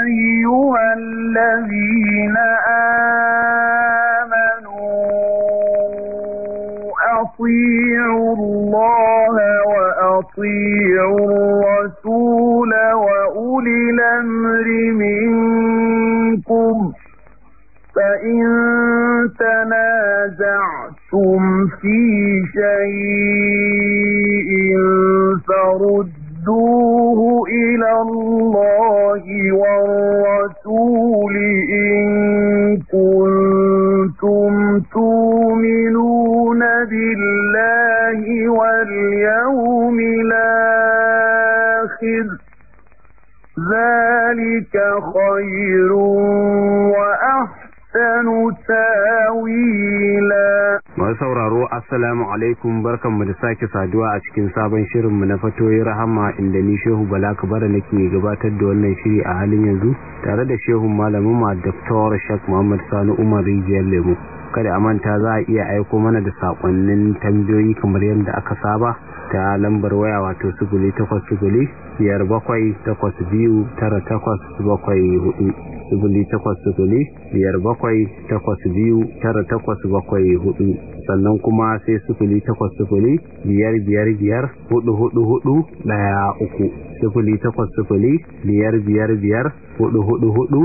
أيها الذين آمنوا أطيعوا الله وأطيعوا mu da sake saduwa a cikin sabon shirinmu na fatoyi rahama inda ni shehu bala kabara nake gabatar da wannan shiri a halin yanzu tare da shehun malamin ma dr shak muhammad sani umar rijiyar lemo kada a manta za a iya aiko mana da sakonnin tambayoyi kamar yadda aka saba ta lambar waya wato suguli takwas suguli biyar bakwai takwas biyu tara takwas bakwai hudu suguli takwas suguli biyar bakwai takwas biyu tara takwas bakwai hudu sannan kuma sai sifili takwas sufuli biyar biyar biyar hudu hudu hudu daya uku sufuli takwas sufuli biyar biyar biyar hudu hudu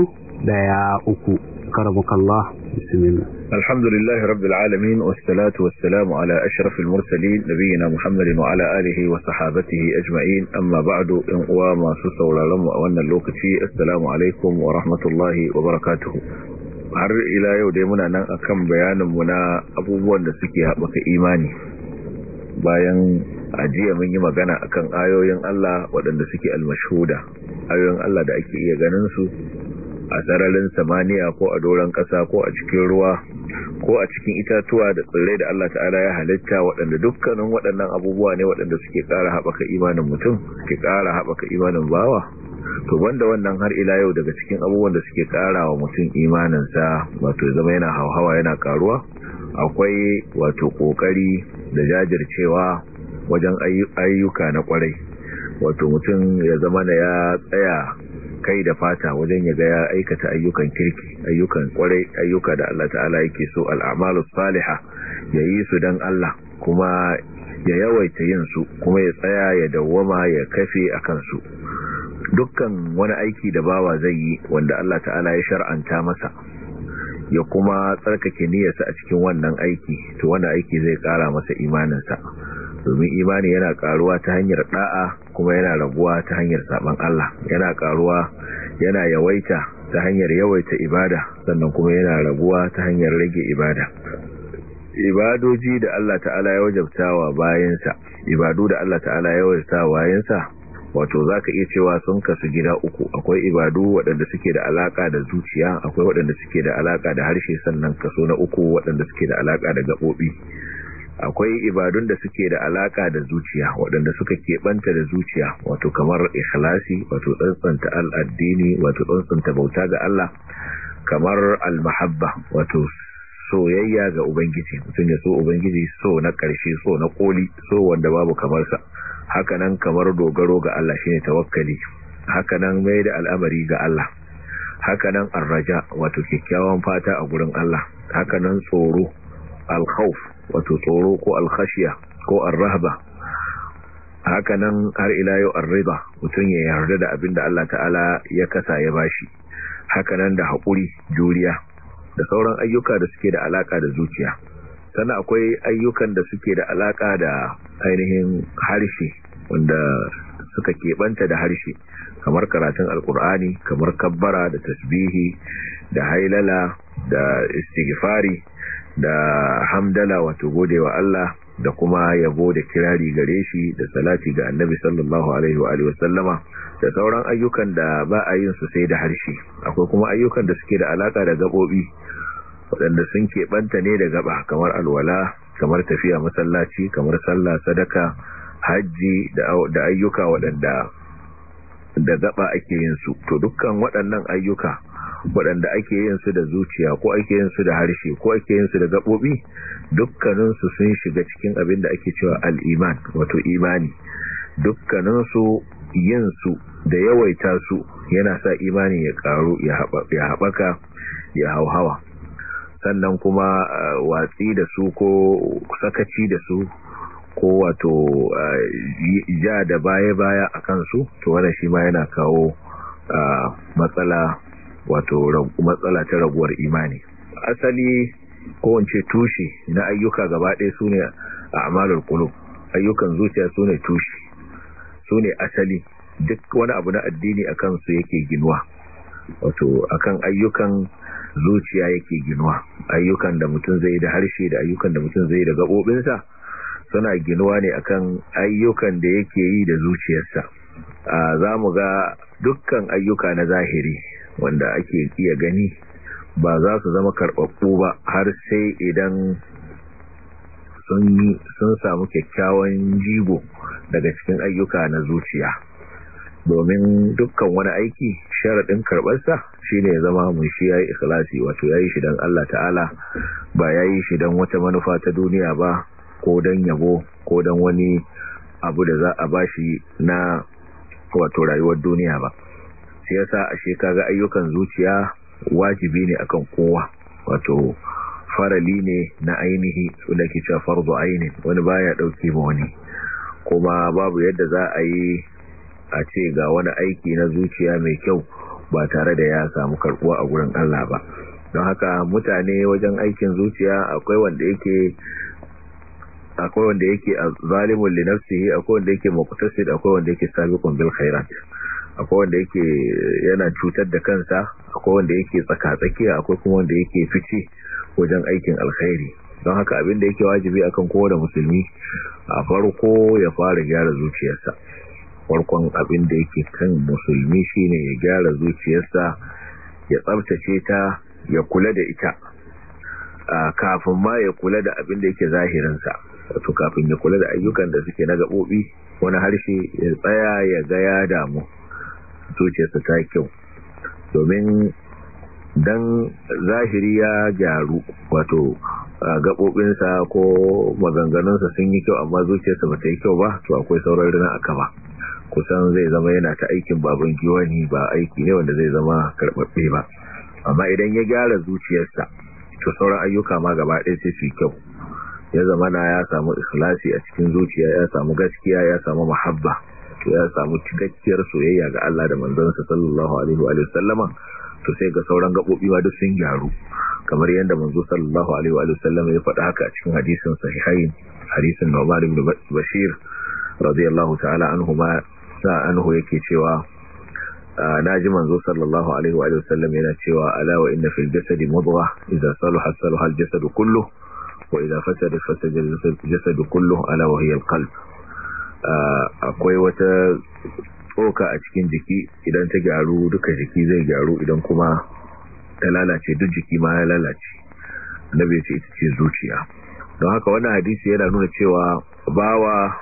daya uku karamakallah bismillah alhamdulillah rabbil alamin wassalatu wassalamu ala ashrafil mursalin nabiyina muhammadin wa ala alihi wa sahabatihi ajma'in amma ba'du in uwa masu sauraron mu a wannan lokaci assalamu alaikum wa rahmatullahi wa barakatuhu. har ila yau dai muna nan akan bayaninmu na abubuwan da suke haɓaka imani bayan ajiya mun yi magana akan ayoyin Allah waɗanda suke almashuda ayoyin Allah da ake iya ganin su a sararin samaniya ko a doron ƙasa ko a cikin ruwa ko a cikin itatuwa da tsirrai da Allah ta'ala ya halitta waɗanda dukkanin waɗannan abubuwa ne waɗanda suke ƙara haɓaka imanin mutum suke ƙara haɓaka imanin bawa to banda wannan har ila yau daga cikin abubuwan da suke kara wa mutum imaninsa wato zama yana hauhawa yana karuwa akwai wato kokari da jajircewa wajen ayyuka na kwarai wato mutum ya zama na ya tsaya kai da fata wajen ya ga ya aikata ayyukan kirki ayyukan kwarai ayyuka da Allah ta'ala yake so al'amalu salihah yayi su dan Allah kuma ya yawaita yin su kuma ya tsaya ya dawwama ya kafe akan su dukkan wani aiki da bawa zai yi wanda Allah ta'ala ya shar'anta masa ya kuma tsarkake niyyarsa a cikin wannan aiki to wannan aiki zai kara masa imaninsa domin imani yana karuwa ta hanyar da'a kuma yana raguwa ta hanyar saban Allah yana karuwa yana yawaita ta hanyar yawaita ibada sannan kuma yana raguwa ta hanyar rage ibada ibadoji da Allah ta'ala ya wajabtawa bayansa ibadu da Allah ta'ala ya wajabtawa bayansa wato za ka iya cewa sun kasu gida uku akwai ibadu waɗanda suke da alaƙa da zuciya akwai waɗanda suke da alaƙa da harshe sannan kaso na uku waɗanda suke da alaƙa da gaɓoɓi akwai ibadun da suke da alaƙa da zuciya waɗanda suka keɓanta da zuciya wato kamar ikhlasi wato tsantsanta al'addini wato tsantsanta bauta ga Allah kamar almahabba wato soyayya ga ubangiji mutum ya so ubangiji so na ƙarshe so na ƙoli so wanda babu kamar sa. hakanan kamar dogaro ga Allah shine tawakkali hakanan mai da al'amari ga Allah hakanan arraja wato kyakkyawan fata a gurin Allah hakanan tsoro alkhawf wato tsoro ko alkhashiya ko arrahba hakanan har ila yau arriba mutum ya yarda da abinda Allah ta'ala ya kasa ya bashi hakanan da haƙuri juriya da sauran ayyuka da suke da alaka da zuciya sannan akwai ayyukan da suke da alaka da ainihin harshe wanda suka keɓanta da harshe kamar karatun alkur'ani kamar kabbara da tasbihi da hailala da istighfari da hamdala wato gode wa Allah da kuma yabo da kirari gare shi da salati ga annabi sallallahu alaihi wa alihi wasallama da sauran ayyukan da ba a yin su sai da harshe akwai kuma ayyukan da suke da alaka da gabobi waɗanda sun keɓanta ne da gaba kamar alwala kamar tafiya masallaci kamar sallah sadaka hajji da ayyuka waɗanda da gaba ake yin su to dukkan waɗannan ayyuka waɗanda ake yin su da zuciya ko ake yin su da harshe ko ake yin su da gaɓoɓi dukkaninsu sun shiga cikin abin da ake cewa al'iman wato imani dukkaninsu yin su da yawaita su yana sa imani ya ƙaru ya haɓaka ya hauhawa sannan kuma eh, watsi da su ko sakaci da su ko wato eh, ja da baya-baya a kansu to wannan shi ma yana kawo eh, matsala wato matsala ta raguwar imani asali kowace tushe na ayyuka gaba ɗaya su ne a amalar kulu ayyukan zuciya su ne tushe su ne asali duk wani abu na addini a kansu yake ginuwa wato akan ayyukan zuciya yake ginuwa ayyukan da mutum zai da harshe da ayyukan da mutum zai da gabobinsa suna ginuwa ne akan ayyukan da yake yi da zuciyarsa za mu ga dukkan ayyuka na zahiri wanda ake iya gani ba za su zama karɓaɓɓu ba har sai idan sun samu kyakkyawan jigo daga cikin ayyuka na zuciya domin dukkan wani aiki sharaɗin karɓarsa shi ne zama mun shi ya yi ikhlasi wato ya yi shi don Allah ta'ala ba ya yi shi don wata manufa ta duniya ba ko don yabo ko don wani abu da za a ba shi na wato rayuwar duniya ba shi yasa ashe kaga ayyukan zuciya wajibi ne akan kowa wato farali ne na ainihi wanda ke cewa farzo ainihi wani baya dauke ba wani kuma babu yadda za a yi a ce ga wani aiki na zuciya mai kyau ba tare da ya samu karbuwa a gurin Allah ba don haka mutane wajen aikin zuciya akwai wanda yake akwai wanda yake zalimun li nafsihi akwai wanda yake muqtasid akwai wanda yake sabiqun bil khairat akwai wanda yake yana cutar da kansa akwai wanda yake tsaka-tsaki akwai kuma wanda yake fice wajen aikin alkhairi don haka abin da yake wajibi akan kowane musulmi a farko ya fara gyara zuciyarsa farkon abin da yake kan musulmi shine ya gyara zuciyarsa ya tsabtace ta ya kula da ita kafin ma ya kula da abin da yake zahirinsa wato kafin ya kula da ayyukan da suke na gabobi wani harshe ya tsaya ya gaya ya damu zuciyarsa ta kyau domin dan zahiri ya gyaru wato gaɓoɓinsa ko maganganunsa sun yi kyau amma zuciyarsa ba ta yi kyau ba to akwai sauran rina a kama kusan zai zama yana ta aikin baban giwani ba aiki ne wanda zai zama karbabbe ba amma idan ya gyara zuciyarsa to sauran ayyuka ma gaba ɗaya sai su kyau ya zama na ya samu ikhlasi a cikin zuciya ya samu gaskiya ya samu muhabba to ya samu cikakkiyar soyayya ga Allah da manzansa sallallahu alaihi wa sallama to sai ga sauran gabobi ma duk sun gyaru kamar yadda manzo sallallahu alaihi wa sallama ya faɗa haka a cikin hadisin sahihain hadisin Umar ibn Bashir radiyallahu ta'ala ma radiyallahu anhu yake cewa naji manzo sallallahu alaihi wa sallam yana cewa ala wa inna fil jasadi mudghah idza salaha salaha al jasadu kullu wa idza fasada fasada al jasadu kullu ala wa hiya al qalb akwai wata tsoka a cikin jiki idan ta gyaru duka jiki zai gyaru idan kuma ta lalace duk jiki ma ya lalace nabi ce ita ce zuciya don haka wannan hadisi yana nuna cewa bawa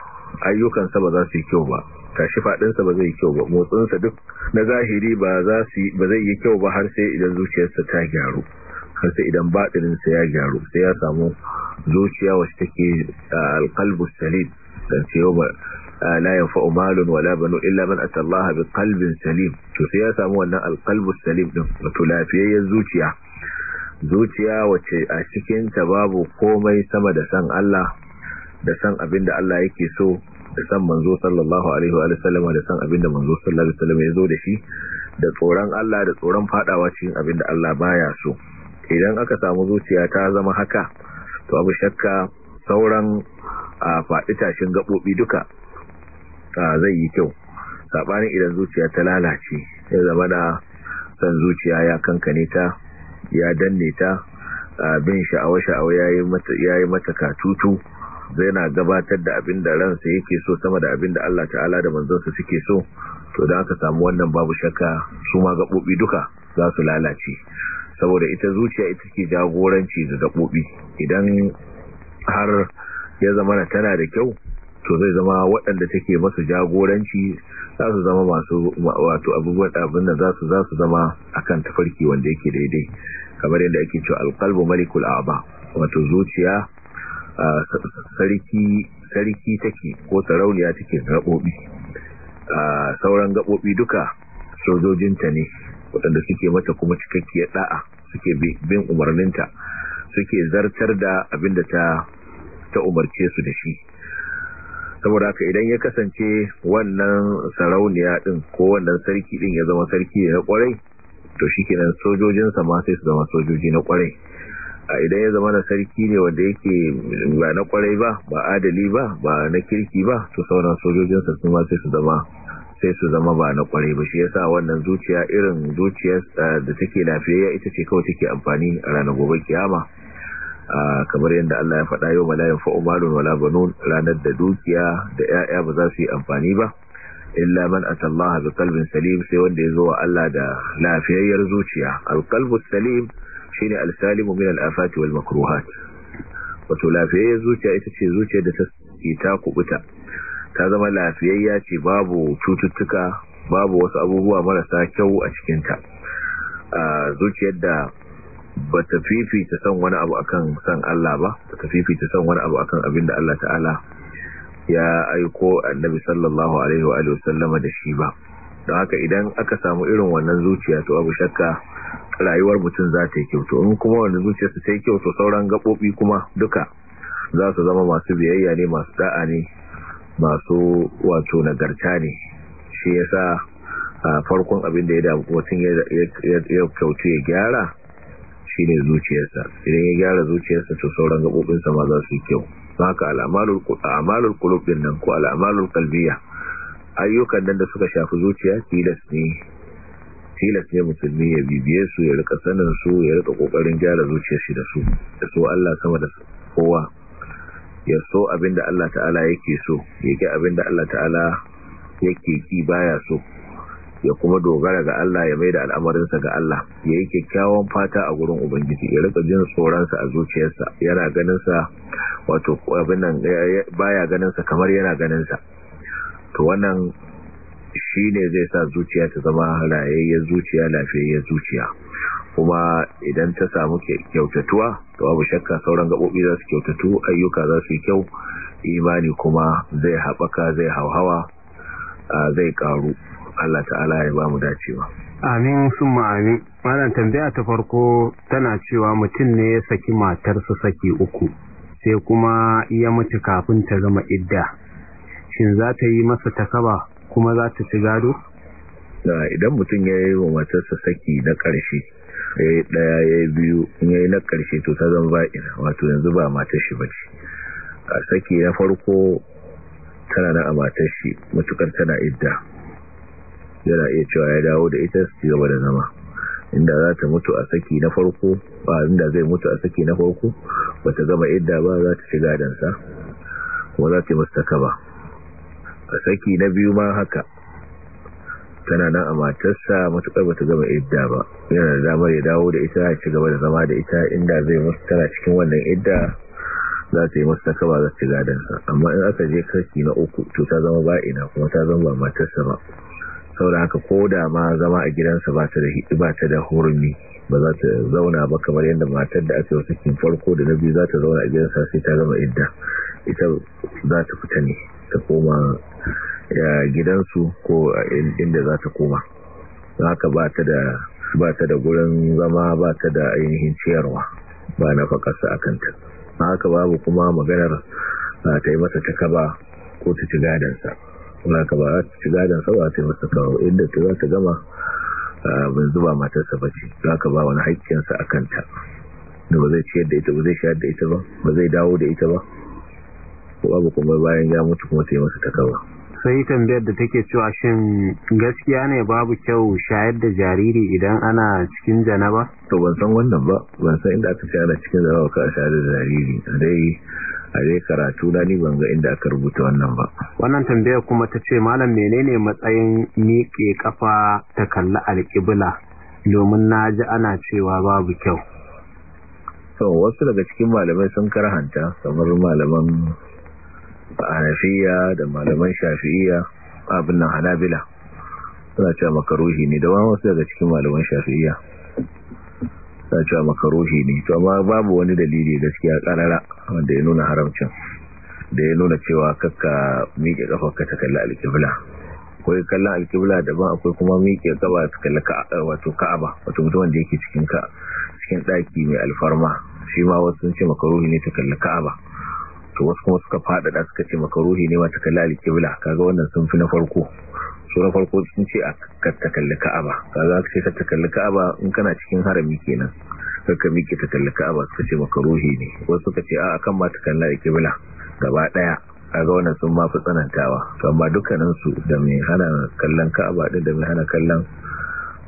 ayyukansa ba za su yi kyau ba tashi faɗinsa ba zai yi kyau ba motsinsa duk na zahiri ba zai yi kyau ba har sai idan zuciyarsa ta gyaru har sai idan baɗininsa ya gyaru sai ya samu zuciya wacce take alƙalbu salim don ce yau ba la yanfa umalun wala banu illa man atallaha bi qalbin salim to sai ya samu wannan alqalbu salim din wato lafiyayyen zuciya zuciya wacce a cikin ta babu komai sama da san Allah da san abin da Allah yake so da san manzo sallallahu alaihi wa sallam da san abinda manzo sallallahu alaihi wa sallam ya zo da shi da tsoron Allah da tsoron fadawa cikin abinda Allah baya so idan aka samu zuciya ta zama haka to abu shakka sauran faɗi tashin gabobi duka zai yi kyau sabanin idan zuciya ta lalace ya zama da san zuciya ya kankane ta ya danne ta bin sha'awa sha'awa yayi mata yayi mata katutu yana gabatar da abin da ransa yake so sama da abin da Allah ta'ala da manzansa suke so to da aka samu wannan babu shakka su ma gaɓoɓi duka za su lalace saboda ita zuciya ita ke jagoranci da gaɓoɓi idan har ya zama na tana da kyau to zai zama waɗanda take masu jagoranci za su zama masu wato abubuwan abin da za su za su zama akan tafarki wanda yake daidai kamar yadda ake cewa alqalbu malikul a'ba wato zuciya sarki take ko sarauniya take gaɓoɓi sauran gaɓoɓi duka sojojinta ne waɗanda suke mata kuma cikakkiyar ɗa'a suke bin umarninta suke zartar da abinda ta umarce su da shi saboda haka idan ya kasance wannan sarauniya din ko wannan sarki din ya zama sarki na kwarai to shi kenan sojojinsa ma sai su zama sojoji na kwarai idan ya zama na sarki ne wanda yake ba na kwarai ba ba adali ba ba na kirki ba to sauran sojojinsa su ma sai su zama sai su zama ba na kwarai ba shi yasa wannan zuciya irin zuciyar eh, da take lafiyayya ita ce kawai take amfani a ranar gobe kiyama ah, kamar yadda Allah ya faɗa yau malayin fa'umarun wala banun ranar da dukiya da 'ya'ya ba za su yi amfani ba illa man atallaha bi qalbin salim sai wanda ya zo wa Allah da lafiyayyar zuciya alqalbu salim shine al-salimu min al-afati wal makruhat wato lafiyayya zuciya ita ce zuciyar da ta ta kubuta ta zama lafiyayya ce babu cututtuka babu wasu abubuwa marasa kyau a cikin ta zuciyar da ba ta fifita son wani abu akan son Allah ba ba ta fifita son wani abu akan abin da Allah ta'ala ya aiko annabi sallallahu alaihi wa alihi da shi ba don haka idan aka samu irin wannan zuciya to abu shakka rayuwar mutum za ta yi kyautu in kuma wani zuciyarsa ta yi kyautu sauran gaɓoɓi kuma duka za su zama masu biyayya ne masu da'a ne masu wato nagarta ne shi ya sa farkon abin da ya damu mutum ya kyautu ya gyara ne zuciyarsa idan ya gyara zuciyarsa to sauran gaɓoɓinsa ma za su yi kyau ba haka al'amalar kulubin nan ko al'amalar kalbiya ayyukan nan da suka shafi zuciya tilas ne tilas ne musulmi ya bibiye su ya rika sanin su ya rika kokarin gyara zuciyar shi da su da so Allah sama da kowa ya so abin da Allah ta'ala yake so ya abin da Allah ta'ala yake ki baya so ya kuma dogara ga Allah ya maida al'amarinsa ga Allah ya yi kyakkyawan fata a gurin Ubangiji ya rika jin tsoronsa a zuciyarsa yana ganinsa wato abin nan baya ganinsa kamar yana ganinsa to wannan shi ne zai sa zuciya ta zama rayayyar zuciya lafiyayyar zuciya kuma idan ta samu kyautatuwa to babu shakka sauran gabobi za su kyautatu ayyuka za su yi kyau imani kuma zai haɓaka zai hauhawa zai ƙaru Allah ta'ala ya ba mu dacewa amin sun ma'amin wannan tambaya ta farko tana cewa mutum ne ya saki matarsa saki uku sai kuma ya mutu kafin ta zama idda shin za ta yi masa takaba kuma za ta ci gado idan mutum ya yi wa matarsa saki na ƙarshe ya yi ɗaya ya yi biyu ya yi na ƙarshe to ta zama ba'ina wato yanzu ba matar shi ba ce a saki na farko tana na a matar shi matukar tana idda yana iya cewa ya dawo da ita su gaba da zama inda za ta mutu a saki na farko ba inda zai mutu a saki na farko ba ta gama idda ba za ta ci gadansa kuma za ta yi mustaka ba a saki na biyu ma haka tana nan a matarsa matuƙar ta gama idda ba yana da damar ya dawo da ita ya ci gaba da zama da ita inda zai musu tana cikin wannan idda za ta yi masu takawa za ci gadansa amma in aka je karki na uku to ta zama ina kuma ta zama ba matarsa ba saboda haka ko da ma zama a gidansa ba ta da ba ta da hurmi ba za ta zauna ba kamar yadda matar da aka yi cikin farko da na biyu za ta zauna a gidansa sai ta gama idda ita za ta fita ne ta koma gidansu ko inda za ta koma za ka ba ta da gurin zama ba ta da ainihin ciyarwa ba na fakarsa a kanta haka babu kuma maganar ta yi masa takaba ko ta ci gadansa ba ka ba ta ci gadansa ba ta yi masa kawo inda ta za ta gama bin zuba matarsa ba ce za ka ba wani haƙƙinsa a kanta da ba zai ciyar da ita ba zai shayar da ita ba ba zai dawo da ita ba ko babu kuma bayan ya mutu kuma ta yi masa takaba sai tambayar da take cewa shin gaskiya ne babu kyau shayar da jariri idan ana cikin janaba to ban san wannan ba ban san inda aka shayar cikin janaba ka shayar da jariri a dai a dai karatu na ni ban ga inda aka rubuta wannan ba wannan tambaya kuma ta ce malam menene matsayin miƙe kafa ta kalli alƙibla domin na ji ana cewa babu kyau to wasu daga cikin malamai sun karhanta kamar malaman hanafiya da malaman shafi'iya abin nan hanabila suna cewa makaruhi ne da wani wasu daga cikin malaman shafi'iya suna cewa makaruhi ne to amma babu wani dalili da suke karara wanda ya nuna haramcin da ya nuna cewa kakka miƙe ka ta kalli alƙibla akwai kallon alƙibla daban akwai kuma miƙe gaba ta kalli eh, wato ka'aba wato mutum wanda yake cikin ka cikin ɗaki mai alfarma shi ma wasu sun ce makaruhi ne ta kalli ka'aba to wasu kuma suka faɗaɗa suka ce maka ruhi ne wata kallali kibla kaga wannan sun fi na farko su na farko sun ce a ta kalli ka'aba kaga aka ce ka kalli ka'aba in kana cikin harami kenan ka miƙe ta kalli ka'aba suka ce maka ruhi ne wasu suka ce a akan ma ta kallali kibla gaba ɗaya kaga wannan sun ma fi tsanantawa amma dukkaninsu da mai hana kallon ka'aba ɗin da mai hana kallon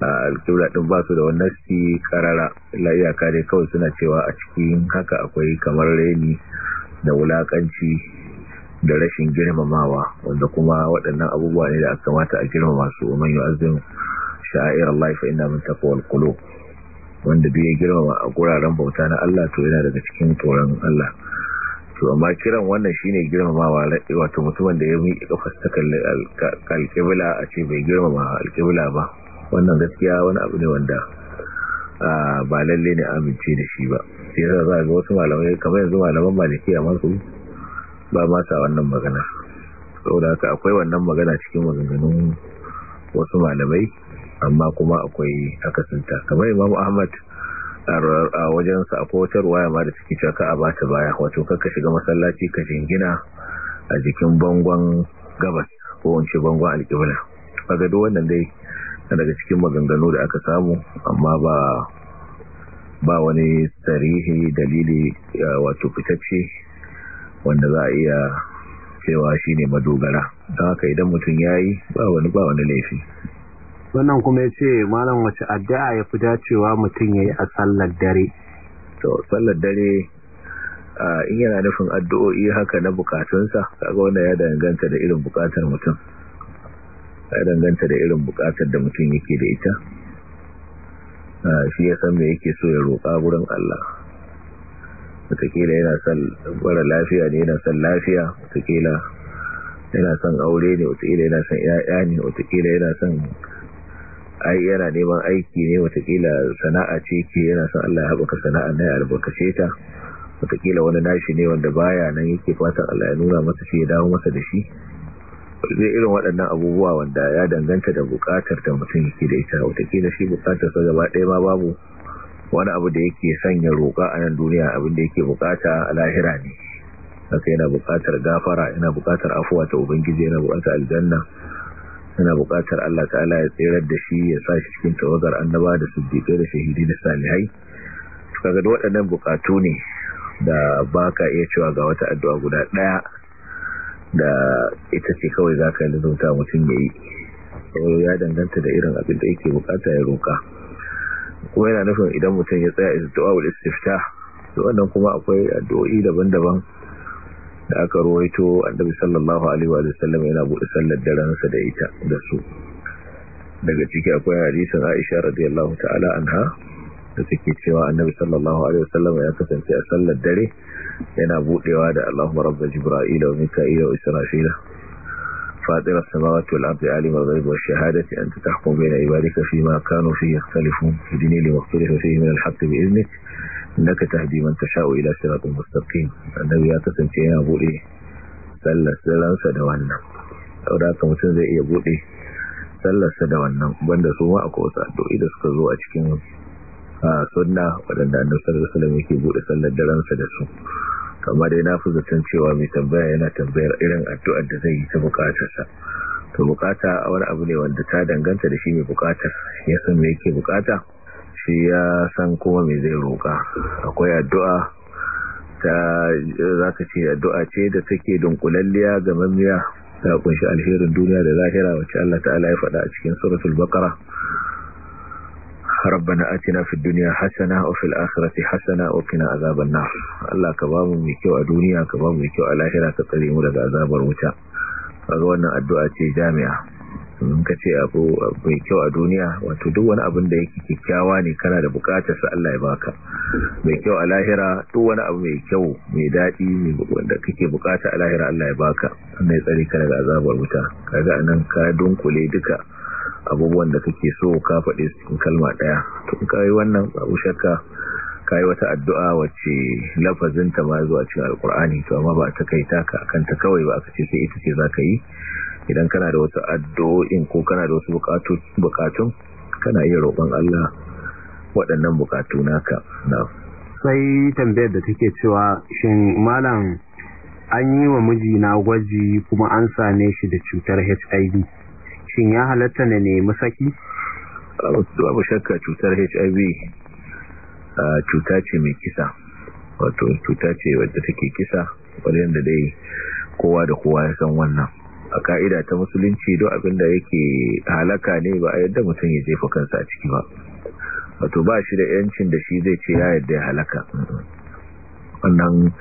alƙibla ɗin ba su da wannan shi karara la iyaka dai kawai suna cewa a cikin haka akwai kamar reni da wulakanci da rashin girmamawa wanda kuma waɗannan abubuwa ne da aka kamata a girmama su yi azin sha'air Allah fa inna min taqwal kulo wanda biya girmama a guraren bauta na Allah to yana daga cikin tsoron Allah to amma kiran wannan shine girmamawa wato mutumin da ya miƙe kafar ta a ce bai girmama alkibla ba wannan gaskiya wani abu ne wanda ba lalle ne amince da shi ba sai yasa za ga wasu malamai kamar yanzu malaman maliki a masu ba ma sa wannan magana saboda haka akwai wannan magana cikin maganganun wasu malamai amma kuma akwai akasinta kamar imam ahmad a wajensa akwai wata ruwaya ma da suke cewa ka a bata baya wato kaka shiga masallaci ka jingina a jikin bangon gabas ko wance bangon alƙibla kaga duk wannan dai daga cikin maganganu da aka samu amma ba ba wani sarihi dalili wato fitacce wanda za a iya cewa shi ne madogara don haka idan mutum ya yi ba wani ba wani laifi wannan kuma ya ce malam wace addu'a ya fi dacewa mutum ya yi a tsallar dare to tsallar dare in yana nufin addu'o'i haka na bukatunsa kaga wanda ya danganta da irin bukatar mutum a danganta da irin bukatar da mutum yake da ita ah, shi ya san me yake so ya roƙa wurin Allah wataƙila yana son bara lafiya ne yana son lafiya wataƙila yana son aure ne wataƙila yana son ‘ya'ya ne wataƙila yana son ai yana neman aiki ne wataƙila sana'a ce ke yana son Allah ya haɓaka sana'a na ya albarkace ta wataƙila wani nashi ne wanda baya nan yake fatan Allah ya nuna masa shi ya dawo masa da shi zai irin waɗannan abubuwa wanda ya danganta da buƙatar da mutum yake da ita watakila shi buƙatar sa gaba ɗaya ma babu wani abu da yake sanya roƙa a nan duniya abin da yake buƙata a lahira ne haka yana buƙatar gafara yana buƙatar afuwa ta ubangiji yana buƙatar aljanna yana buƙatar Allah ta'ala ya tserar da shi ya sa shi cikin tawagar annaba da siddiƙai da shahidi da salihai kaga da waɗannan buƙatu ne da ka iya cewa ga wata addu'a guda ɗaya da ita ce kawai za ka yi zauta mutum ya yi ya danganta da irin abin da yake bukata ya roka kuma yana nufin idan mutum ya tsaya isa addu'a sifta su wannan kuma akwai addu'o'i daban-daban da aka ruwaito annabi sallallahu alaihi wa sallam yana buɗe sallar daren sa da ita da su daga ciki akwai hadisin Aisha radiyallahu ta'ala anha da suke cewa annabi sallallahu alaihi wasallam ya kasance a sallar dare yana budewa da Allahumma rabba jibril wa mika'il wa israfil فاطر السماوات والأرض عالم الغيب والشهادة أنت تحكم بين عبادك فيما كانوا فيه يختلفون اهدني لما اختلف فيه من الحق بإذنك إنك تهدي من تشاء إلى صراط مستقيم النبي ya kasance yana buɗe sallarsa da wannan saboda haka mutum zai iya buɗe sallarsa da wannan banda su ma akwai wasu addu'o'i da suka zo a cikin a sunna waɗanda annabi sallallahu da wasallam yake buɗe sallar daransa da su kamar dai na fi zaton cewa mai tambaya yana tambayar irin addu'ar da zai yi ta bukatarsa ta bukata wani abu ne wanda ta danganta da shi mai bukatar ya san me yake bukata shi ya san kuma me zai roƙa akwai addu'a ta ka ce addu'a ce da take dunkulalliya ga mamiya ta kunshi alherin duniya da lahira wacce Allah ta'ala ya faɗa a cikin suratul baqara rabbana atina fid dunya Hassana wa fil akhirati hasana wa qina azaban nar Allah ka ba mu mai kyau a duniya ka ba mai kyau a lahira ka tsare mu daga azabar wuta kaga wannan addu'a ce jami'a in ka ce abu mai kyau a duniya wato duk wani abin da yake kyakkyawa ne kana da bukatar sa Allah ya baka mai kyau a lahira duk wani abu mai kyau mai dadi ne wanda kake bukata a lahira Allah ya baka Allah ya tsare ka daga azabar wuta Ka kaga anan ka dunkule duka abubuwan da kake so ka faɗi cikin kalma ɗaya tun kayi wannan babu shakka kayi wata addu'a wacce ta ma zuwa cikin alkur'ani to amma ba ta kai taka akan ta kawai ba aka ce sai ita ce za ka yi idan kana da wasu addu'o'in ko kana da wasu bukatun kana iya roƙon Allah waɗannan bukatu naka sai tambayar da take cewa shin malam an yi wa mijina gwaji kuma an same shi da cutar HIV shin ya halatta ne nemi saki babu shakka cutar HIV cuta ce mai kisa wato cuta ce wadda take kisa yadda dai kowa da kowa ya san wannan a ka'ida ta musulunci don abinda yake halaka ne ba a yadda mutum ya jefa kansa a ciki ba wato ba shi da yancin da shi zai ce ya yadda ya halaka wannan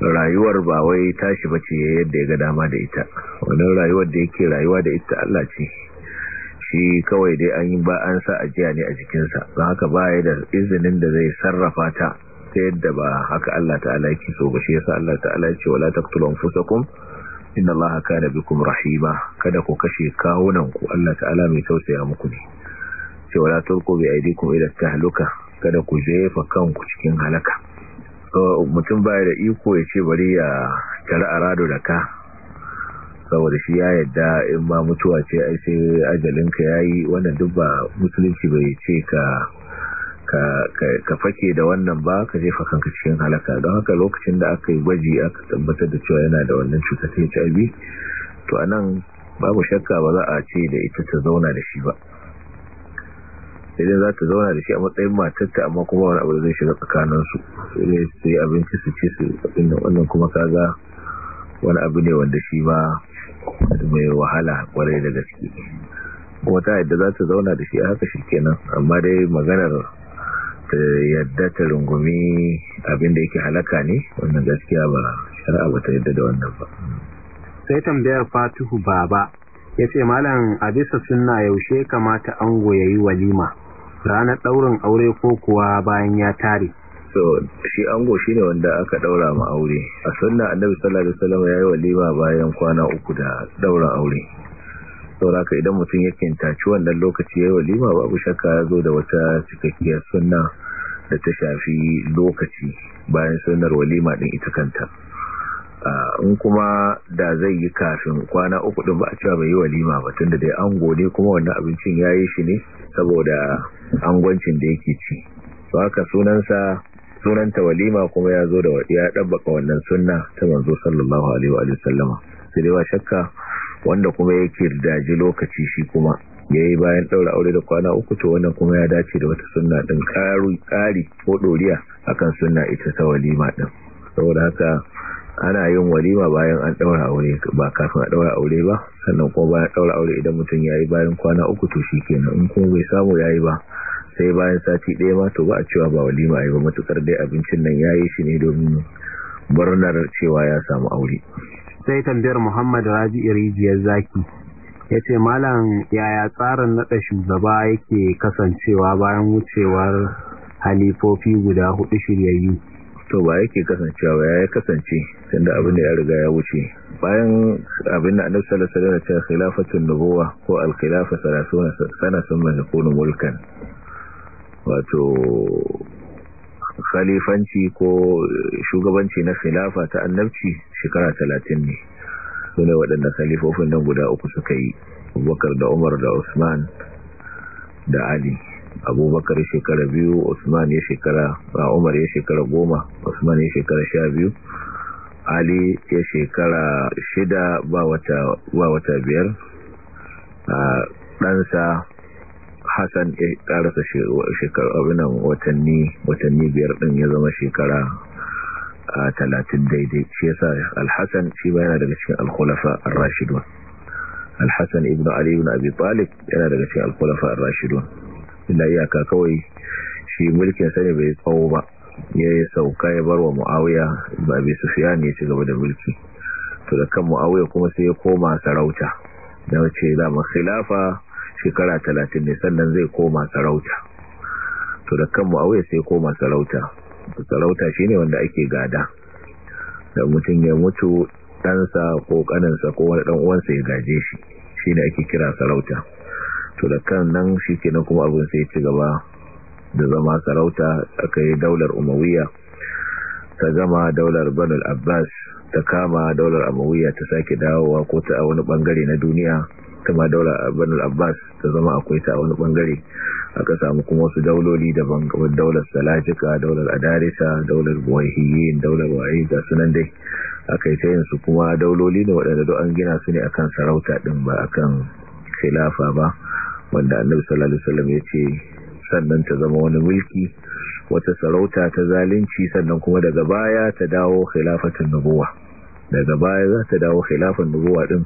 rayuwar ba wai tashi ba bace yadda ya ga dama da ita wannan rayuwar da yake rayuwa da ita Allah ce shi kawai dai an yi ba an sa ajiya ne a jikinsa ba haka ba ya da izinin da zai sarrafa ta ta yadda ba haka Allah ta'ala yake so ba shi yasa Allah ta'ala ya ce wala taqtulu anfusakum inna allaha kana bikum rahima kada ku kashe kawunan ku Allah ta'ala mai tausaya muku ne ce wala tulqu bi aydikum ila tahluka kada ku jefa kanku cikin halaka mutum baya da iko ya ce bari ya tare a rado da ka saboda shi ya yadda in ma mutuwa ce ai sai ajalinka yayi wannan duk ba musulunci bai ce ka ka fake da wannan ba ka jefa kanka cikin halaka don haka lokacin da aka yi gwaji aka tabbatar da cewa yana da wannan cutar HIV to anan babu shakka ba za a ce da ita ta zauna da shi ba idan za ta zauna da shi a matsayin matarta amma kuma wani abu da zai shiga tsakaninsu sai abinci su ci su abin wannan kuma kaga wani abu ne wanda shi ma mai wahala kwarai da gaske kuma ta yadda za ta zauna da shi a haka shi kenan amma dai maganar ta yadda ta rungumi abin da yake halaka ne wannan gaskiya ba shari'a ba ta yadda da wannan ba sai tambayar fatihu baba ya ce malam a bisa suna yaushe kamata ango ya yi walima ranar ɗaurin aure ko kuwa bayan ya tare so shi ango shine wanda aka daura ma aure a sunna annabi sallallahu alaihi wasallam yayi walima bayan kwana uku da daura aure saboda haka idan mutum ya kintaci wannan lokaci yayi walima babu shakka ya zo da wata cikakkiyar sunna da ta shafi lokaci bayan sunnar walima din ita kanta in kuma da zai yi kafin kwana uku din ba a cewa bai yi walima ba tunda dai an gode kuma wannan abincin ya yi shi ne saboda angwancin da yake ci su haka sunansa sunanta walima kuma ya zo da ya ɗabbaka wannan sunna ta manzo sallallahu alaihi wa sallama sai dai ba shakka wanda kuma yake daji lokaci shi kuma ya yi bayan ɗaura aure da kwana uku to wannan kuma ya dace da wata sunna ɗin ƙari ko ɗoriya akan sunna ita ta walima ɗin saboda haka ana yin walima bayan an daura aure ba kafin a daura aure ba sannan kuma bayan daura aure idan mutum yayi bayan kwana uku to shikenan in kuma bai samu yayi ba sai bayan sati ɗaya ma to ba a cewa ba walima yayi ba matukar dai abincin nan yayi shi ne domin murnar cewa ya samu aure sai tambayar Muhammad Rabi'i Rijiyar Zaki yace malam yaya tsarin nada shugaba yake kasancewa bayan wucewar halifofi guda hudu shiryayyu to ba yake kasancewa ya kasance tunda abin da ya riga ya wuce bayan abin da annabi sallallahu alaihi wasallam ya ce khilafatun nubuwa ko al-khilafa 30 sana summa yakunu mulkan wato khalifanci ko shugabanci na khilafa ta annabci shekara 30 ne sune waɗannan khalifofin nan guda uku suka yi Abubakar da Umar da Usman da Ali abubakar shekara biyu usman ya shekara ba umar ya shekara goma usman ya shekara sha biyu ali ya shekara shida ba wata, biyar biyar ɗansa hassan ya ƙarasa shekaru abinan watanni watanni biyar ɗin ya zama shekara talatin daidai shi yasa alhassan shi ba yana daga cikin alkhulafa a rashidun alhassan ibn ali ibn abi talib yana daga cikin alkhulafa a rashidun ina iyaka kawai shi mulkin sani bai tsawo ba ya yi sauka ya bar wa mu'awiya ba bai ne ya ci gaba da mulki to da kan mu'awiya kuma sai ya koma sarauta da wace mu khilafa shekara talatin ne sannan zai koma sarauta to da kan mu'awiya sai ya koma sarauta sarauta shine wanda ake gada da mutum ya mutu ɗansa ko ƙaninsa ko wani ɗan uwansa ya gaje shi shine ake kira sarauta to da kan nan shi shikenan kuma abin sai ya ci gaba da zama sarauta aka yi daular umawiya ta zama daular banul abbas ta kama daular umawiya ta sake dawowa ko ta a wani bangare na duniya ta ma daular banul abbas ta zama akwai ta a wani bangare aka samu kuma wasu dauloli daban kamar daular salajika daular adarisa daular buwaihiyin daular waye ga sunan dai aka yi ta yin su kuma dauloli ne waɗanda duk an gina su ne akan sarauta ɗin ba akan khilafa ba wanda annabi sallallahu alaihi wasallam ya ce sannan ta zama wani mulki wata sarauta ta zalunci sannan kuma daga baya ta dawo khilafatun nubuwa daga baya za ta dawo khilafan nubuwa din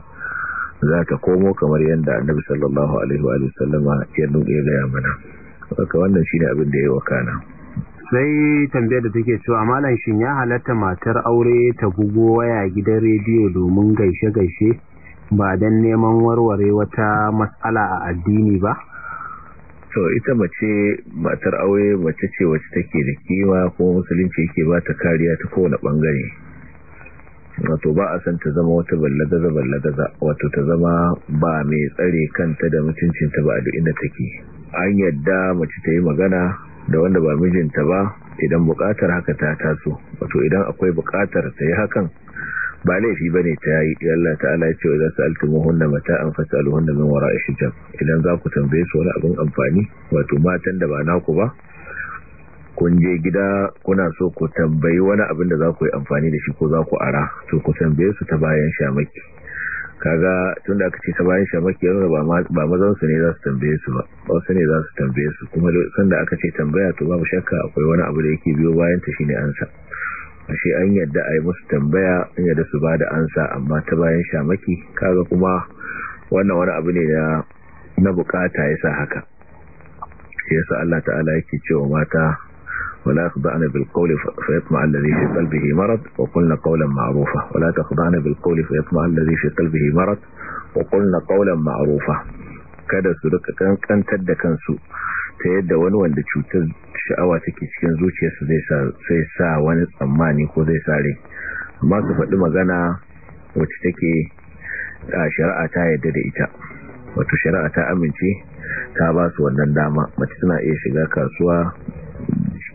za ta komo kamar yadda annabi sallallahu alaihi wa sallama ya nuna gaya mana haka wannan shine abin da ya wakana sai tambayar da take cewa malam shin ya halatta matar aure ta bugo waya gidan rediyo domin gaishe gaishe ba dan neman warware wata matsala a addini ba to ita mace matar aure mace ce wacce take da kima ko musulunci yake ba ta kariya ta kowane bangare wato ba a san ta zama wata ballagaza ballagaza wato ta zama ba mai tsare kanta da mutuncinta ba a duk inda take an yadda mace ta yi magana da wanda ba mijinta ba idan bukatar haka ta taso wato idan akwai bukatar ta yi hakan ba laifi ba ne ta yi Allah ta'ala ya ce wa za su altumu hunna mata an fasa alhunna min wara hijab idan za ku tambaye su wani abin amfani wato matan da ba naku ba kun je gida kuna so ku tambayi wani abin da za ku yi amfani da shi ko za ku ara to ku tambaye su ta bayan shamaki kaga tun da aka ce ta bayan shamaki yanzu ba mazan su ne za su tambaye su ba su ne za su tambaye su kuma sanda aka ce tambaya to babu shakka akwai wani abu da yake biyo bayan ta shine ansa ashe an yadda a yi musu tambaya an yadda su ba da ansa amma ta bayan shamaki kaga kuma wannan wani abu ne na bukata ya sa haka shi yasa Allah ta'ala yake cewa mata ولا تخضعن بالقول فيطمع الذي في قلبه مرض وقلنا قولا معروفا ولا تخضعن بالقول فيطمع الذي في قلبه مرض وقلنا قولا معروفا kada su rika kankantar da kansu ta yadda wani wanda cutar sha'awa take cikin zuciyarsa zai sa wani tsammani ko zai sare amma su faɗi magana wacce take a shari'a ta yadda da ita wato shari'a ta amince ta ba su wannan dama mace tana iya shiga kasuwa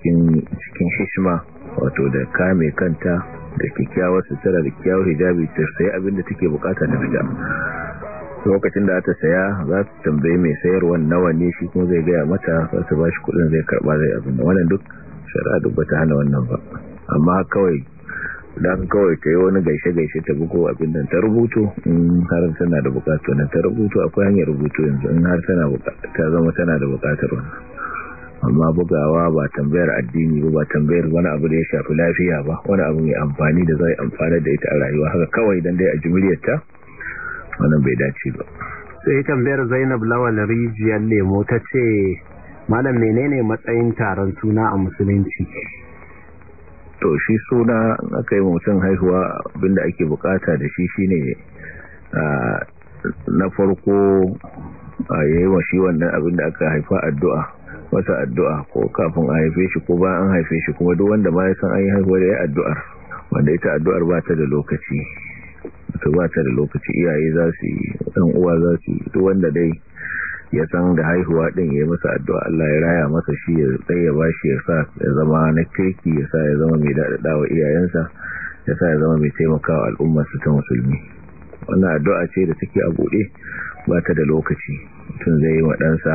cikin hishima wato da kame kanta da kyakkyawar sutura da kyakkyawar hijabi ta sai abinda take bukata ta fita lokacin da ta saya za su tambaye mai sayarwa nawa ne shi kuma zai gaya mata za su ba shi kudin zai karba zai abin da wannan duk shari'a duk ta hana wannan ba amma kawai dan kawai ta yi wani gaishe-gaishe ta buko abin da ta rubuto in har tana da bukatu na ta rubuto akwai hanyar rubutu yanzu in har tana ta zama tana da bukatar wannan amma bugawa ba tambayar addini ba tambayar wani abu da ya shafi lafiya ba wani abu mai amfani da zai amfana da ita a rayuwa haka kawai don dai a jumiliyar ta wannan bai dace ba sai tambayar zainab lawal rijiyar lemo ta ce malam menene matsayin taron suna a musulunci to shi suna aka yi mutum haihuwa abinda ake bukata da shi shine na farko a yayi wa shi wannan abinda aka haifa addu'a wata addu'a ko kafin a haife shi ko ba an haife shi kuma duk wanda ma ya san an yi haihuwa da ya addu'ar wanda ita addu'ar ba ta da lokaci to ba ta da lokaci iyaye za su yi ɗan uwa za su yi duk wanda dai ya san da haihuwa ɗin ya yi masa addu'a Allah ya raya masa shi ya tsaye ba shi ya sa ya zama na kirki ya sa ya zama mai daɗaɗa wa iyayensa ya sa ya zama mai taimakawa al'ummar su ta musulmi wannan addu'a ce da take a buɗe ba ta da lokaci tun zai yi maɗansa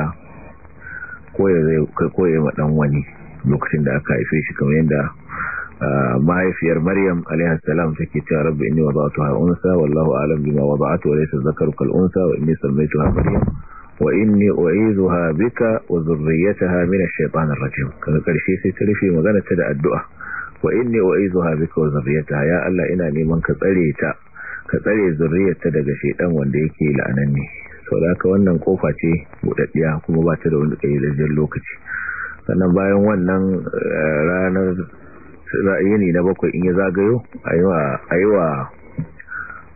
ko ya yi maɗan wani lokacin da aka haife shi kamar yadda mahaifiyar maryam alaihi salam take cewa rabbi inni wada'tuha unsa wallahu a'lam bima wada'tu wa laysa dhakaru kal unsa wa inni ha maryam wa inni u'izuha bika wa dhurriyyataha min ash-shaytanir rajim kaga karshe sai ta rufe magana ta da addu'a wa inni u'izuha bika wa dhurriyyataha ya Allah ina neman ka tsare ta ka tsare zurriyarta daga shaydan wanda yake la'ananne da haka wannan kofa ce budaddiya kuma ba ta da wani kayyadajjen lokaci sannan bayan wannan ranar ne na bakwai in ya zagayo a yi wa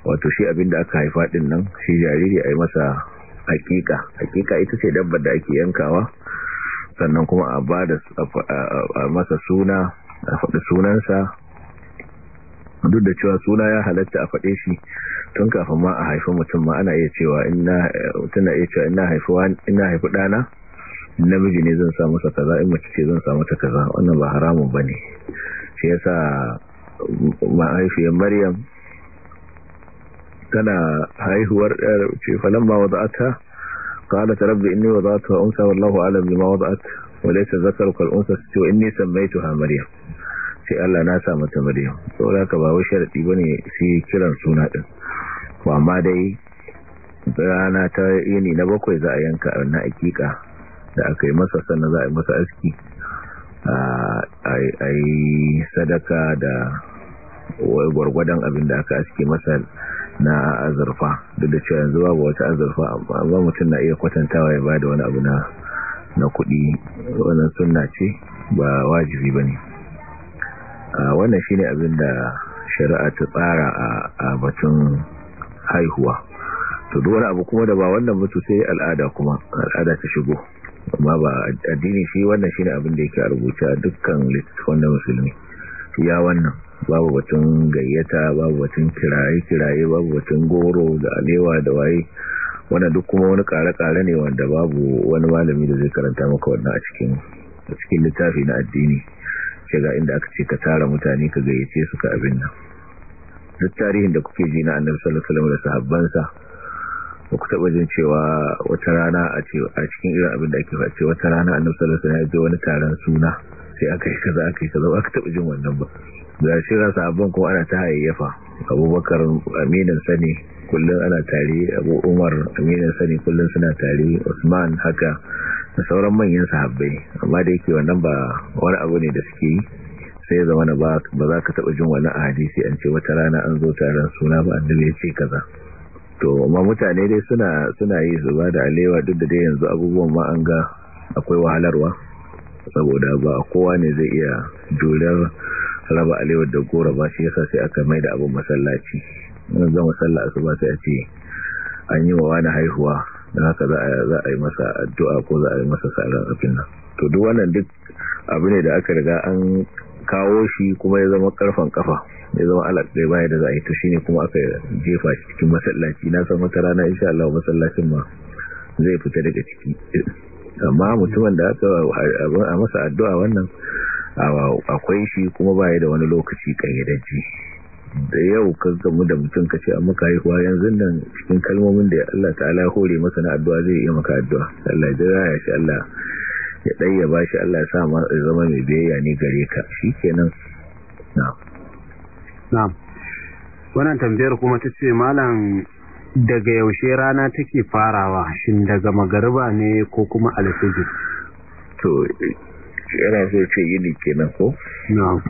wato shi abin da aka haifa din nan shi jariri a yi masa hakika hakika ita ce dabbar da ake yankawa sannan kuma a ba da masa suna a faɗi sunansa duk da cewa suna ya halatta a faɗe shi tun kafin ma a haifi mutum ma ana iya cewa ina haifi ɗana namiji ne zan samu sa kaza in mace ce zan samu ta kaza wannan ba haramun bane shi yasa mahaifiyar maryam tana haihuwar ɗar ce falamma wada'ata قالت رب إني وضعتها أنثى والله أعلم بما وضعت وليس الذكر كالأنثى وإني سميتها Maryam sai Allah na sa mata Maryam saboda ka ba wai sharadi bane sai kiran suna din to amma dai rana ta yini na bakwai za a yanka na hakika da aka yi masa sannan za a yi masa aski a yi sadaka da gwargwadon abin da aka aski masa na azurfa duk da cewa yanzu babu wata azurfa amma mutum na iya kwatantawa ya bada wani abu na kudi wannan suna ce ba wajibi ba ne wannan shi ne abin da shari'a ta tsara a batun haihuwa to duk wani abu kuma da ba wannan mutu sai al'ada kuma al'ada ta shigo amma ba addini shi wannan shine abin da yake rubuta dukkan list da musulmi ya wannan babu batun gayyata babu batun kiraye kiraye babu batun goro da alewa da waye wannan duk kuma wani kare-kare ne wanda babu wani malami da zai karanta maka wannan a cikin a cikin littafi na addini shiga inda aka ce ka tara mutane ka gayyace su ka abin nan duk tarihin da kuke ji na annabi sallallahu alaihi wasallam da sahabbansa ba ku taɓa jin cewa wata rana a cikin irin abin da ake face wata rana a sallallahu alaihi ya je wani taron suna sai aka yi kaza aka yi kaza ba ka taɓa jin wannan ba ga shi ga sabon kuma ana ta hayyafa abubakar aminin sani kullum ana tare abu umar aminin sani kullum suna tare usman haka da sauran manyan sahabbai amma da yake wannan ba wani abu ne da suke yi sai zama na ba za ka taɓa jin wani a hadisi an ce wata rana an zo taron suna ba annabi ya ce kaza to amma mutane dai suna suna yi zuba da alewa duk da dai yanzu abubuwan ma an ga akwai wahalarwa saboda ba kowa ne zai iya dolar raba alewar da gora ba shi yasa sai aka mai da abin masallaci wannan zama sallah asuba sai a ce an yi wa wani haihuwa don haka za a yi masa addu'a ko za a yi masa sarar abin nan to duk wannan duk abu ne da aka riga an kawo shi kuma ya zama karfan kafa ya zama alaƙai baya da za a yi ta shi ne kuma aka jefa shi cikin masallaci na san wata rana insha Allah masallacin ma zai fita daga ciki amma mutumin da aka a masa addu'a wannan akwai shi kuma baya da wani lokaci kayyadajji da yau ka gamu da mutum ka ce amma ka haihuwa yanzu nan cikin kalmomin da Allah ta'ala hore masa na addu'a zai iya maka addu'a Allah ya jira ya shi Allah ya ɗai ya ba shi Allah ya sa zama mai biyayya ne gare ka shi kenan na'am wannan tambayar kuma ta ce malam daga yaushe rana take farawa shin daga magariba ne ko kuma alfijir to yana so ce yini kenan ko na'am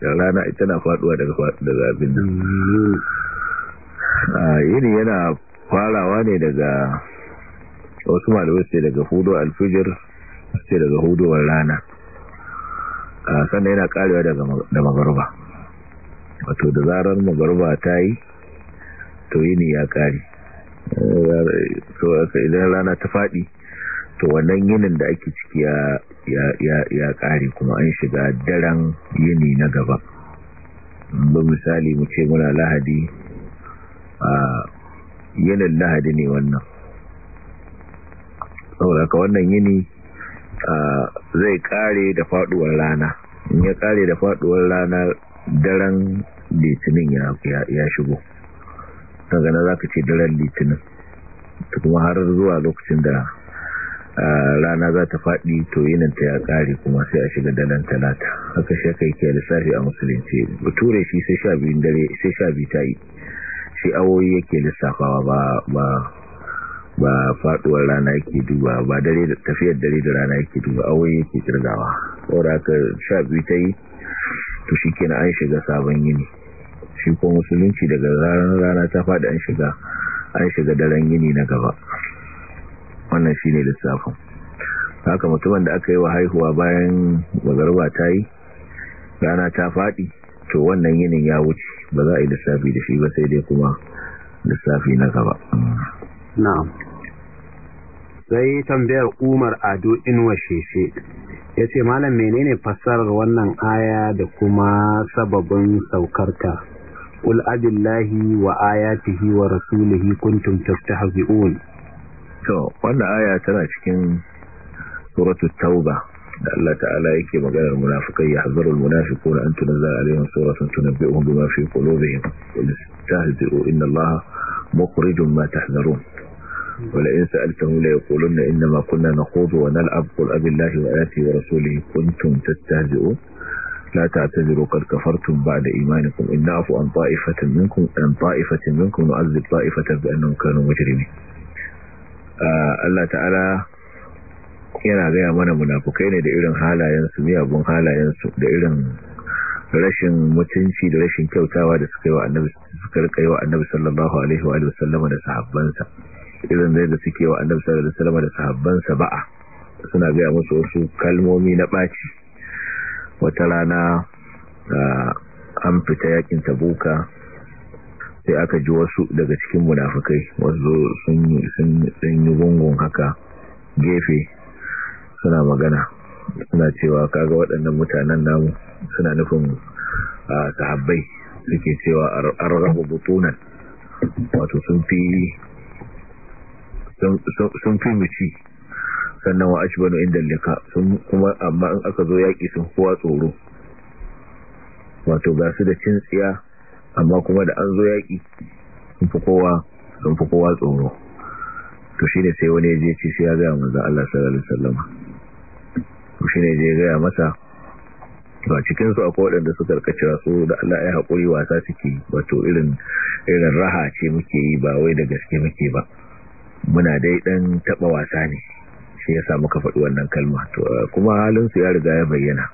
rana ita na faduwa daga daga abin nan mm-hmm. yini yana farawa ne daga wasu malamai sai daga hudu alfijir haske daga hudowar rana sannan yana karewa da magarba wato da zarar magarba ta yi to yini ya kare idan rana ta faɗi to wannan yinin da ake ciki ya kare kuma an shiga daren yini na gaba ba misali mu ce muna lahadi a yinin lahadi ne wannan saboda ka wannan yini zai kare da faduwar rana in ya kare da faduwar rana daren litinin ya shigo daga za zaka ce daren litinin ta kuma har zuwa lokacin da rana za ta faɗi to ta ya kare kuma sai a shiga daren talata haka shi aka yi ke lissafi a musulunci bature shi sai sha sai sha biyu ta yi shi awoyi yake lissafawa ba ba faduwar rana yake duba ba dare da tafiyar dare da rana yake duba aure yake kirgawa saboda ka sha biyu ta yi to shi an shiga sabon yini shi ko musulunci daga ranar rana ta faɗi an shiga an shiga daren yini na gaba wannan shi ne lissafin haka mutumin da aka yi wa haihuwa bayan magarba ta yi rana ta faɗi to wannan yinin ya wuce ba za a yi lissafi da shi ba sai dai kuma lissafi na gaba na'am sai tambayar umar ado inuwa sheshe ya ce malam menene fasarar wannan aya da kuma sababin saukarta ƙul abillahi wa ayatihi wa rasulihi kuntum tastahzi'un to wannan aya tana cikin suratul tauba da Allah ta'ala yake maganar munafikai ya hazarul munafiquna an tunzal alaihim suratun tunabbi'uhum bima fi qulubihim qul istahzi'u inna Allaha mukhrijum ma tahzarun wala in sa'altahu la yaqulunna inna ma kunna nakhudu wa nal'ab qul abillahi wa ayati wa rasulihi kuntum tastahzi'un لا تعتذروا قد كفرتم بعد إيمانكم إن نعفو عن طائفة منكم عن طائفة منكم نعذب طائفة بأنهم كانوا مجرمين Allah ta'ala yana gaya mana munafukai ne da irin halayensu miyagun halayensu da irin rashin mutunci da rashin kyautawa da suka yi wa annabi sallallahu alaihi wa sallama da sahabbansa irin zai da suke wa annabi sallallahu alaihi da sahabban ba'a suna gaya musu wasu kalmomi na ɓaci. wata rana an fita yakin tabuka sai aka ji wasu daga cikin munafikai wasu sun yi gungun haka gefe suna magana suna cewa kaga waɗannan mutanen namu suna nufin sahabbai suke cewa an rabu butunan wato sun fi sun fi mu ci sannan wa ashbanu inda lika sun kuma amma in aka zo yaƙi sun kowa tsoro wato ga su da cin tsiya amma kuma da an zo yaƙi sun fi kowa tsoro to shine sai wani ya je ci sai ya gaya maza Allah sallallahu to shi to shine je masa ba cikinsu akwai waɗanda su karkacewa su da Allah ya haƙuri wasa suke wato irin raha ce muke yi ba wai da gaske muke ba muna dai dan taba wasa ne shi yasa muka faɗi wannan kalma to eh, kuma halin su ya riga ya bayyana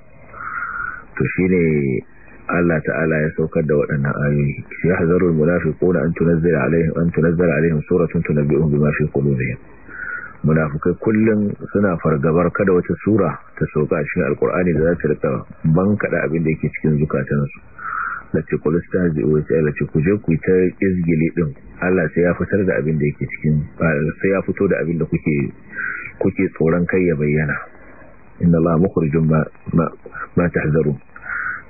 to shine Allah ta'ala ya saukar da waɗannan ayoyi ya hazaru munafiquna an tunzila alaihim an tunzila alaihim suratun tunabbi'uhum bima fi qulubihim munafiqai kullum suna fargabar kada wata sura ta sauka a cikin alkur'ani da za tarka rika ban kada abin da yake cikin zukatansu lafi kwalista zai wace lafi ku je ku ta izgile din Allah sai ya fitar da abin da yake cikin sai ya fito da abin da kuke kuke tsoron kai ya bayyana inda Allah mukhrijum ma ma tahzaru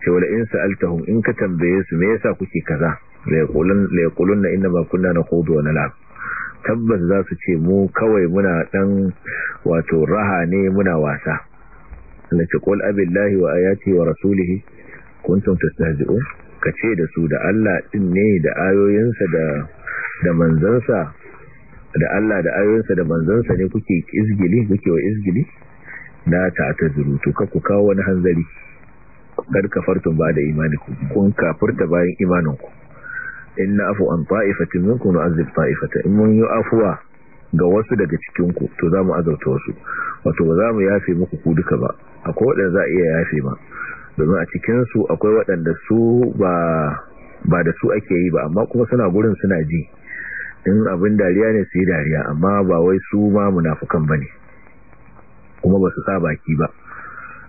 ce wala in sa'altahum in ka tambaye su me yasa kuke kaza la yaqulun la yaqulunna inna ma na nakhudu wa nal'ab tabbas za su ce mu kawai muna dan wato raha ne muna wasa lati qul abillahi wa ayati wa rasulihi kuntum tastahzi'un ka ce da su da Allah din ne da ayoyinsa da da manzansa da Allah da ayoyinsa da manzansa ne kuke izgili kuke wa izgili na ta ta to ka ku kawo wani hanzari kar kafartun ba da ku kun kafirta bayan imaninku inna afu an ta'ifatin minkum nu'azzib ta'ifata in mun yi afuwa ga wasu daga cikin ku to zamu azauta wasu wato ba zamu yafe muku ku duka ba akwai wanda za iya yafe ma domin a cikinsu akwai waɗanda su ba da su ake yi ba amma kuma suna gurin suna ji in abin dariya ne su yi dariya amma ba wai su ma munafukan ba ne kuma ba su sa baki ba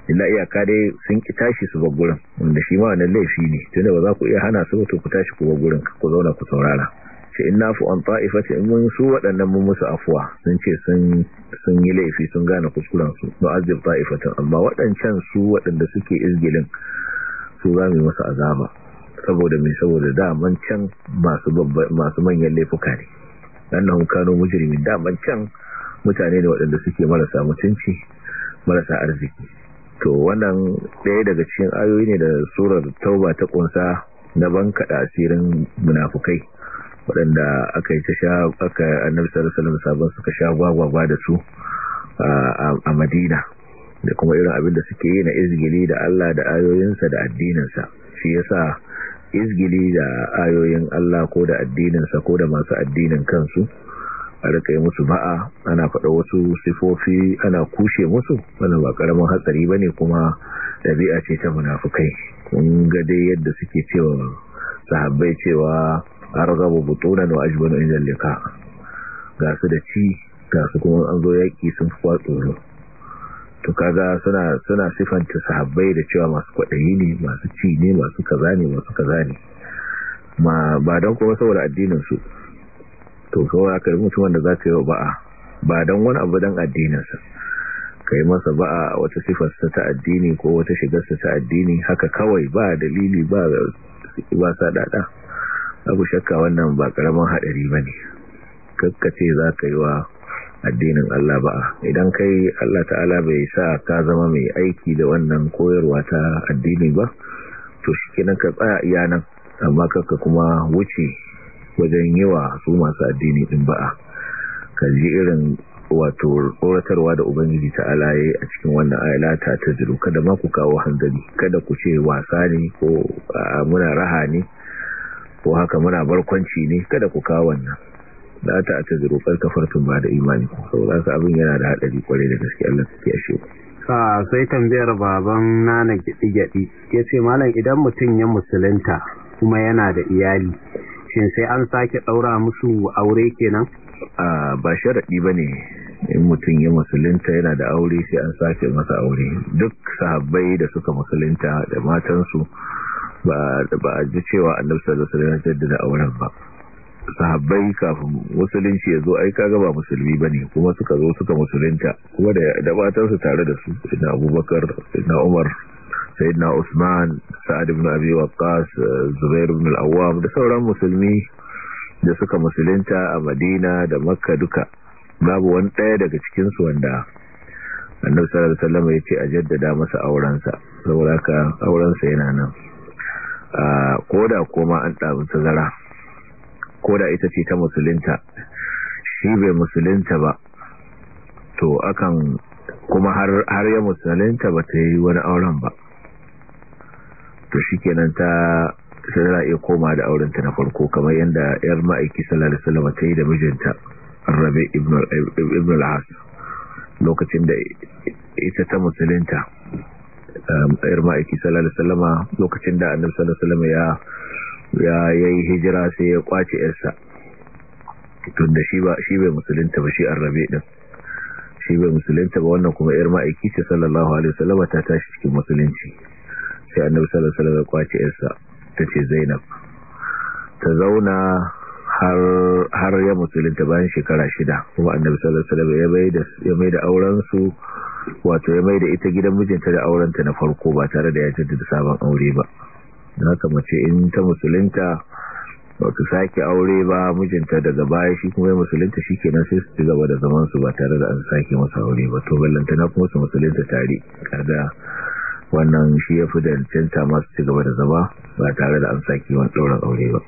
illa iyaka dai sun ki tashi su gurin wanda shi ma wannan laifi ne tunda ba za ku iya hana su to ku tashi ku gurin ku zauna ku saurara ce in fi an ta'ifa ce mun su waɗannan mun musu afuwa sun ce sun yi laifi sun gane kuskurensu no azib ta'ifatan amma waɗancan su waɗanda suke izgilin su za mu azaba saboda mai saboda daman can masu manyan laifuka ne nan kano mujrimin daman can mutane da waɗanda suke marasa mutunci marasa arziki to wannan ɗaya daga cikin ayoyi ne da surar tauba ta ƙunsa na bankaɗa asirin munafukai waɗanda aka yi ta sha aka annabi sallallahu alaihi wasallam suka sha gwagwagwa da su a Madina da kuma irin abin da suke yi na izgili da Allah da ayoyinsa da addininsa shi yasa izgili da ayoyin Allah ko da addininsa ko da masu addinin kansu a rika yi musu ba'a ana faɗa wasu sifofi ana kushe musu wannan ba karamin hatsari bane kuma dabi'a ce ta munafukai kun ga dai yadda suke cewa sahabbai cewa argabu butunan wa ajbanu inda liqa ga su da ci ga su kuma an zo yaki sun fi kwatsoro to kaga suna suna sifanta sahabbai da cewa masu kwadayi ne masu ci ne masu kaza ne masu kaza ne ba don kuma saboda addinin to kawai aka yi mutum wanda za ka yi wa ba'a ba don wani abu dan addininsa ka yi masa ba'a wata sifarsa ta addini ko wata shigarsa ta addini haka kawai ba dalili ba ba sa dada abu shakka wannan ba karamin hadari ba ne kakkace za ka yi wa addinin Allah ba idan kai Allah ta'ala bai sa ka zama mai aiki da wannan koyarwa ta addini ba to shi kenan ka tsaya iya nan amma kakka kuma wuce wajen yi wa su masu addini din ba'a ka ji irin wato tsoratarwa da ubangiji ta alaye a cikin wannan ayalata ta jiru kada ma ku kawo hanzari kada ku ce wasa ne ko muna raha ne ko haka muna barkwanci ne kada ku kawo wannan da ta ta zuru kar kafartun ba da imani saboda ka abin yana da hadari kwarai da gaske Allah ya ku. ka sai tambayar baban nana gidi ya ce malam idan mutum ya musulunta kuma yana da iyali shin sai an sake daura musu aure kenan a ba sharadi bane in mutum ya musulunta yana da aure sai an sake masa aure duk sahabbai da suka musulunta da matansu ba a ji cewa annabi da alaihi wasallam jaddada auren ba sahabbai kafin musulunci ya zo ai kaga ba musulmi ne kuma suka zo suka musulunta kuma da da tare da su ina Abubakar ina Umar ina Usman Sa'ad ibn Abi Waqqas Zubair ibn al da sauran musulmi da suka musulunta a Madina da Makka duka babu wani daya daga cikin su wanda Annabi sallallahu alaihi ya ce a jaddada masa aurensa saboda kayan aurensa yana nan koda kuma an zara ko koda ita ce ta musulinta shi bai musulinta ba to akan kuma har ya musulinta ba ta yi wani auren ba to shi kenan ta zara iya koma da aurenta na farko kamar yadda yar ma'aiki salari salama ta yi da mijinta rabe ibn al lokacin da ita ta musulinta. Um, tsayar ma'aiki sallallahu salama lokacin da annabi sallallahu salama ya ya yayi hijira sai ya kwace yarsa da shi ba shi bai musulunta ba shi arrabe din shi bai musulunta ba wannan kuma yar ma'aiki ce sallallahu alaihi wasallama ta tashi cikin musulunci sai annabi sallallahu salama ya kwace yarsa ce Zainab ta zauna har ya musulunta bayan shekara shida kuma annabi sallallahu salama ya mai da auren su wato ya mai da ita gidan mijinta da aurenta na farko ba tare da ya jaddada sabon aure ba haka mace in ta musulunta ba ta sake aure ba mijinta daga baya shi kuma ya musulunta shi kenan sai su ci gaba da zaman su ba tare da an sake masa aure ba to ballanta na kuma su musulunta tare kada wannan shi ya fi da canta masu ci gaba da zama ba tare da an sake wani tsoron aure ba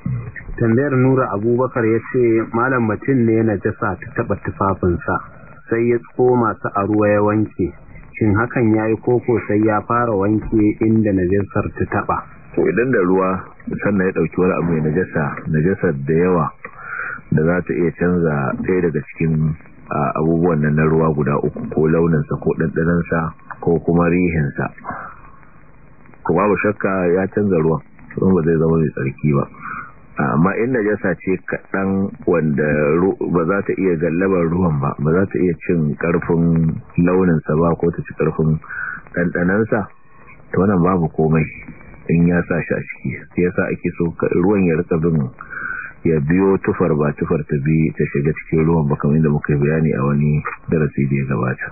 tambayar nura abubakar ya ce malam mutum ne na jasa ta taɓa tufafinsa sai ya tsoma masu a ruwa ya wanke shin hakan ya yi koko sai ya fara wanke inda najasar ta taba to idan da ruwa sannan ya dauki wani abu mai najasa najasar da yawa da za ta iya canza ɗaya daga cikin abubuwan nan na ruwa guda uku ko launinsa ko ɗanɗanansa ko kuma rihinsa kuma ba shakka ya canza ruwan ruwan ba zai zama mai tsarki ba amma in najasa ce kaɗan wanda ba za ta iya gallabar ruwan ba ba za ta iya cin ƙarfin launinsa ba ko ta ci ƙarfin ɗanɗanansa ta wannan babu komai in ya sa shi a ciki sai ya sa ake so ruwan ya rika bin ya biyo tufar ba tufar ta bi ta shiga cikin ruwan ba kamar yadda muka yi bayani a wani darasi da ya gabata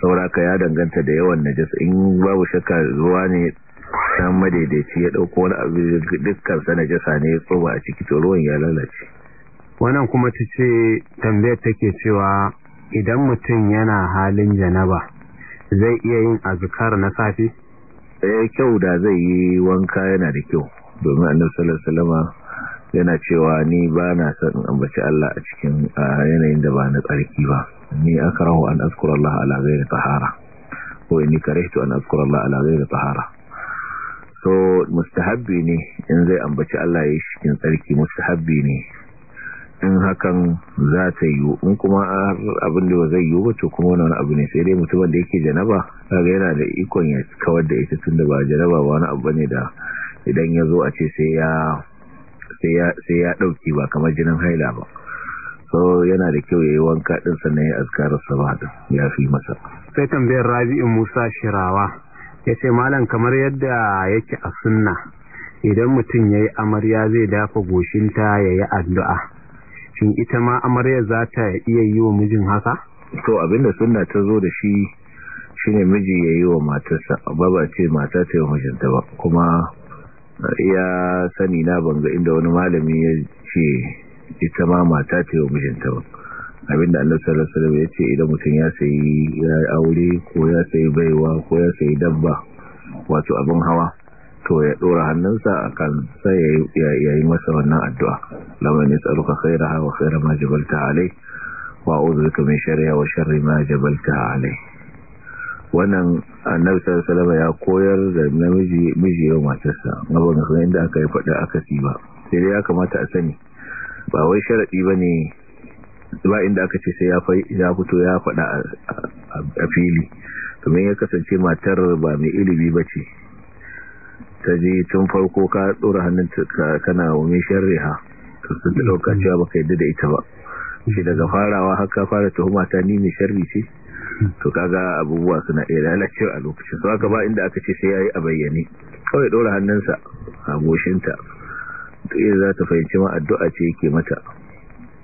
sauraka ya danganta da yawan najasa in babu shakka ruwa ne dan madaidaici ya dauko wani abu dukkan sana na jasa ne ya tsoba a ciki to ruwan ya lalace wannan kuma tace tambayar take cewa idan mutum yana halin janaba zai iya yin azkar na safi eh kyau da zai yi wanka yana da kyau domin annabi sallallahu alaihi wasallama yana cewa ni ba na san ambaci Allah a cikin yanayin da ba na tsarki ba ni akrahu an azkura Allah ala ghairi tahara ko ni karehtu an azkura Allah ala ghairi tahara so mustahabbi ne in zai ambaci Allah ya cikin tsarki mustahabbi ne in hakan za ta yi in kuma abin da ba zai yi ba to kuma wani abu ne sai dai mutumin da yake janaba kaga yana da ikon ya kawar da ita tunda ba janaba ba wani abu ne da idan ya zo a ce sai ya sai ba kamar jinin haila ba so yana da kyau ya yi wanka din sannan ya azkarar sabah ya fi masa sai tambayar Rabi'u Musa Shirawa ya ce malam kamar yadda yake a sunna idan mutum ya yi amarya zai dafa goshinta ya yi addu'a shi ita ma amarya za ta iya yi wa mijin haka? to abinda sunna ta zo da shi shine miji ya yi wa matarsa ba ce mata ta yi mijinta ba kuma iya sani na banga inda wani malami ya ce ita ma mata ta yi mijinta ba abinda annabi sallallahu alaihi wasallam yace idan mutum ya sayi aure ko ya sayi baiwa ko ya sayi dabba wato abin hawa to ya dora hannunsa akan sai ya yi masa wannan addu'a lamma ne tsaruka khaira wa khaira ma jabalta alai wa a'udhu min sharriha wa sharri ma jabalta alai wannan annabi sallallahu alaihi wasallam ya koyar da namiji miji yau matarsa abin da inda aka yi faɗa aka ba sai dai ya kamata a sani ba wai sharadi bane ba inda aka ce sai ya fito ya faɗa a fili kamar ya kasance matar ba mai ilimi ba ce ta ji tun farko ka ɗora hannun kana wani ha to sun da ɗauka cewa ba ka yadda da ita ba shi daga farawa haka fara tuhuma ta ni mai sharri ce to kaga abubuwa suna iya lalacewa a lokacin su aka ba inda aka ce sai ya yi a bayyane kawai ɗora hannunsa a goshinta to iya za ta fahimci ma addu'a ce yake mata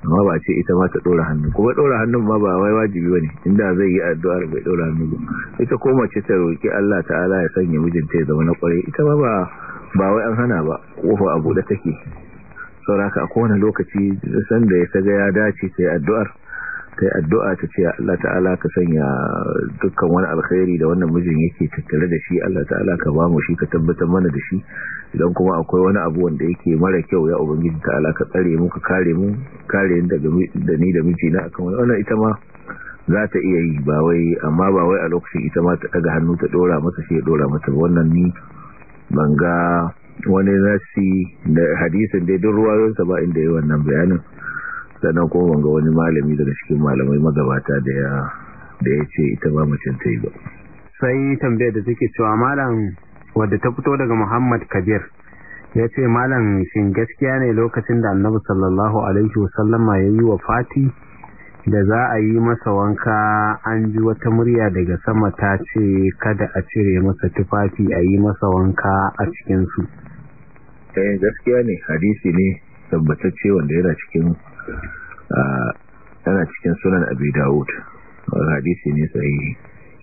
amma ba ce ita ma ta dora hannu kuma dora hannun ma ba wai wajibi bane inda zai yi addu'ar bai dora hannu ba ita ko mace ta roki Allah ta'ala ya sanya mijinta ya zama na kware ita ma ba ba wai an hana ba kofa a bude take sauraka a kowane lokaci san da ya ga ya dace sai addu'ar ta yi addu'a ta ce Allah ta'ala ka sanya dukkan wani alkhairi da wannan mijin yake tattare da shi Allah ta'ala ka ba mu shi ka tabbatar mana da shi idan kuma akwai wani abu wanda yake mara kyau ya ubangiji ta'ala ka tsare mu ka kare mu kare da ni da mijina akan wani ita ma za ta iya yi ba wai amma ba wai a lokacin ita ma ta ɗaga hannu ta dora mata shi ya dora mata wannan ni ban ga wani nasi da hadisin da duk ruwayoyinsa ba inda yi wannan bayanin sannan kuma ga wani malami daga cikin malamai magabata da ya ce ita ba macin ta yi ba sai tambayar da take cewa malam wadda ta fito daga muhammad kabir ya ce malam shin gaskiya ne lokacin da annabi sallallahu alaihi wasallama ya yi wa fati da za a yi masa wanka an ji wata murya daga sama ta ce kada a cire masa tufafi a yi masa wanka a cikinsu eh, gaskiya ne hadisi ne tabbatacce wanda yana cikin Ah, Ana cikin sunan abi dawud hadisi ne sahihi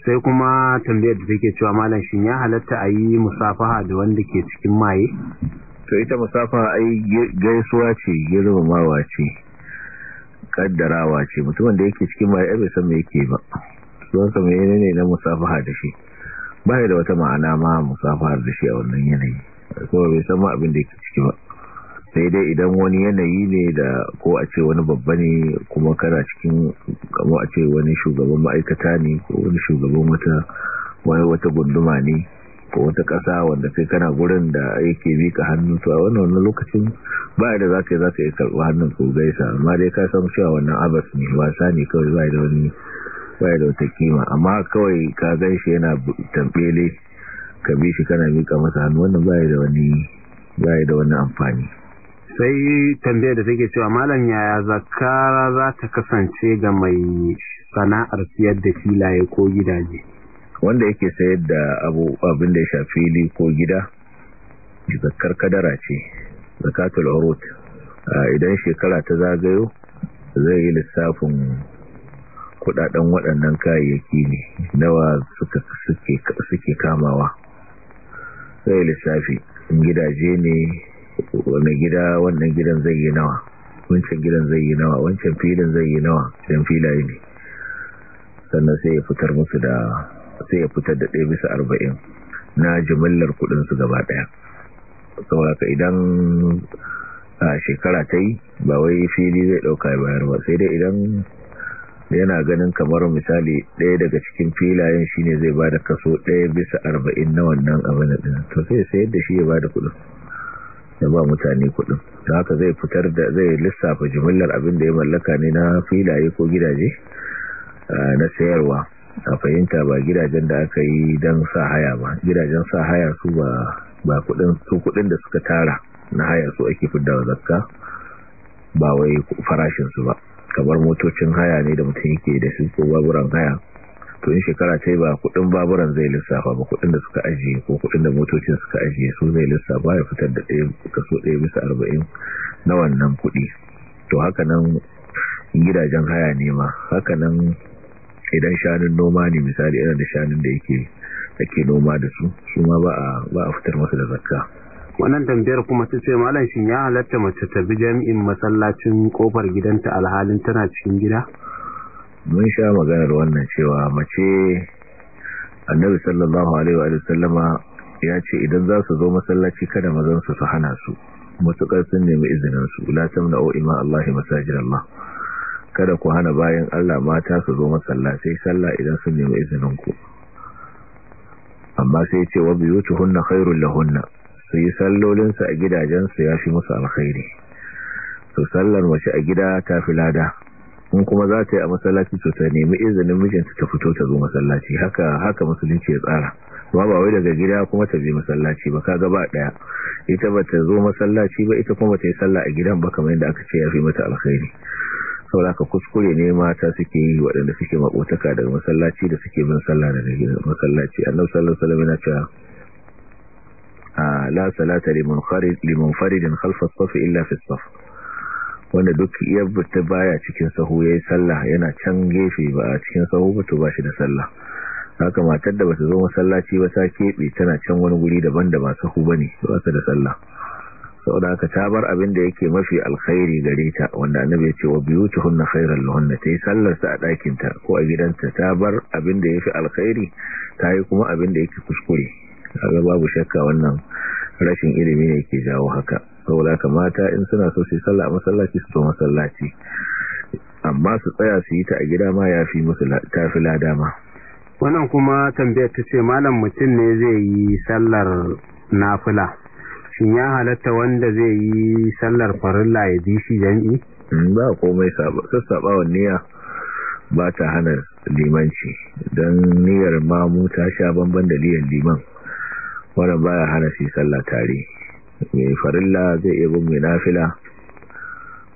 sai kuma tambayar da take cewa malam shin ya halatta a yi musafaha da wanda ke cikin maye to ita musafaha ai gaisuwa ce girma mawa ce kaddarawa ce mutumin da yake cikin maye bai san mai yake ba don sami yanayi ne na musafaha da shi ba da wata ma'ana ma musafahar da shi a wannan yanayi kuma bai san ma abin da yake ciki ba sai dai idan wani yanayi ne da ko a ce wani babba ne kuma kana cikin kamo a ce wani shugaban ma'aikata ne ko wani shugaban wata wani wata gunduma ne ko wata ƙasa wanda kai kana gurin da yake mika hannun to a wannan wani lokacin ba da za ka yi za ka yi karɓi hannun zai gaisa amma dai ka san cewa wannan abas ne wasa ne kawai ba da wani ba da wata kima amma kawai ka gan shi yana tambele ka bi shi kana miƙa masa hannu wannan ba da wani ba da wani amfani sai tambayar da take cewa malam yaya zakara za ta kasance ga mai sana'ar siyar da filaye ko gidaje wanda yake sayar da abin da ya sha fili ko gida zakar kadara ce zakatul urut idan shekara ta zagayo zai yi lissafin kudaden waɗannan kayayyaki ne nawa suka suke suke kamawa sai lissafi gidaje ne wani gida wannan gidan zai yi nawa wancan gidan zai yi nawa wancan filin zai yi nawa idan filaye ne sannan sai ya fitar musu da sai ya fitar da ɗaya bisa arba'in na jimillar kudinsu gaba ɗaya sauraka idan a shekara ta yi ba wai fili zai ɗauka bayar ba sai dai idan yana ganin kamar misali ɗaya daga cikin filayen shine zai ba da kaso ɗaya bisa arba'in na wannan abin da to sai sayar da shi ya ba da kudin ya ba mutane kudin ta haka zai fitar da zai lissafa jimillar abin da ya mallaka ne na filaye ko gidaje na sayarwa a fahimta ba gidajen da aka yi don sa haya ba gidajen sa haya su ba kudin da suka tara na haya su ake fi dawa zakka ba wai farashinsu ba kamar motocin haya ne da mutum yake da su ko baburan haya to in shekara ta yi ba kudin baburan zai lissafa ba kudin da suka ajiye ko kudin da motocin suka ajiye su zai lissafa ya fitar da ɗaya kaso ɗaya bisa arba'in na wannan kudi to haka nan gidajen haya ne ma haka nan idan shanun noma ne misali irin da shanun da yake ake noma da su su ma ba a fitar masa da zakka wannan tambayar kuma ta ce malam shin ya halatta mace ta bi jami'in masallacin kofar gidanta alhalin tana cikin gida mun sha maganar wannan cewa mace annabi sallallahu alaihi wa sallama ya ce idan za su zo masallaci kada mazan su su hana su mutukar sun nemi izinin su la O ima Allah masajid Allah kada ku hana bayan Allah mata su zo masallaci sallah idan sun nemi izinin ku amma sai ce wa hunna khairul lahunna su yi sallolin su a gidajen su yafi musu alkhairi to sallar mace a gida ta fi lada in kuma za ta yi a masallaci to ta nemi izinin mijinta ta fito ta zo masallaci haka haka musulunci ya tsara ba ba wai daga gida kuma ta bi masallaci ba kaga ba daya ita ba ta zo masallaci ba ita kuma ta yi sallah a gidan ba kamar yadda aka ce ya fi mata alkhairi saboda ka kuskure ne mata suke yi waɗanda suke makotaka daga masallaci da suke bin sallah daga gidan masallaci annabi sallallahu alaihi wasallam yana cewa ah, la salata liman farid liman faridin illa wanda duk ya bata baya cikin sahu yayi sallah yana can gefe ba a cikin sahu ba to bashi da sallah haka matar da bata zo masallaci ba ta keɓe tana can wani guri daban da ba sahu bane ba ta da sallah saboda haka ta bar abin da yake mafi alkhairi gare ta wanda annabi ya ce wa biyutuhunna khairal lahunna tayi sallar ta a dakin ta ko a gidanta ta bar abin da yafi alkhairi tayi kuma abin da yake kuskure kaga babu shakka wannan rashin ilimi ne yake jawo haka saboda haka mata in suna so su yi sallah masallaci su to masallaci amma su tsaya su yi ta a gida ma ya fi musu tafi lada wannan kuma tambayar ta ce malam mutum ne zai yi sallar nafila shin ya halatta wanda zai yi sallar farilla ya bi shi jami'i mm, ba komai sassaɓawan niyya ba ta hana limanci don niyyar mamu ta sha bamban da liyan liman wannan baya hana shi sallah tare mai farilla zai iya bin mai nafila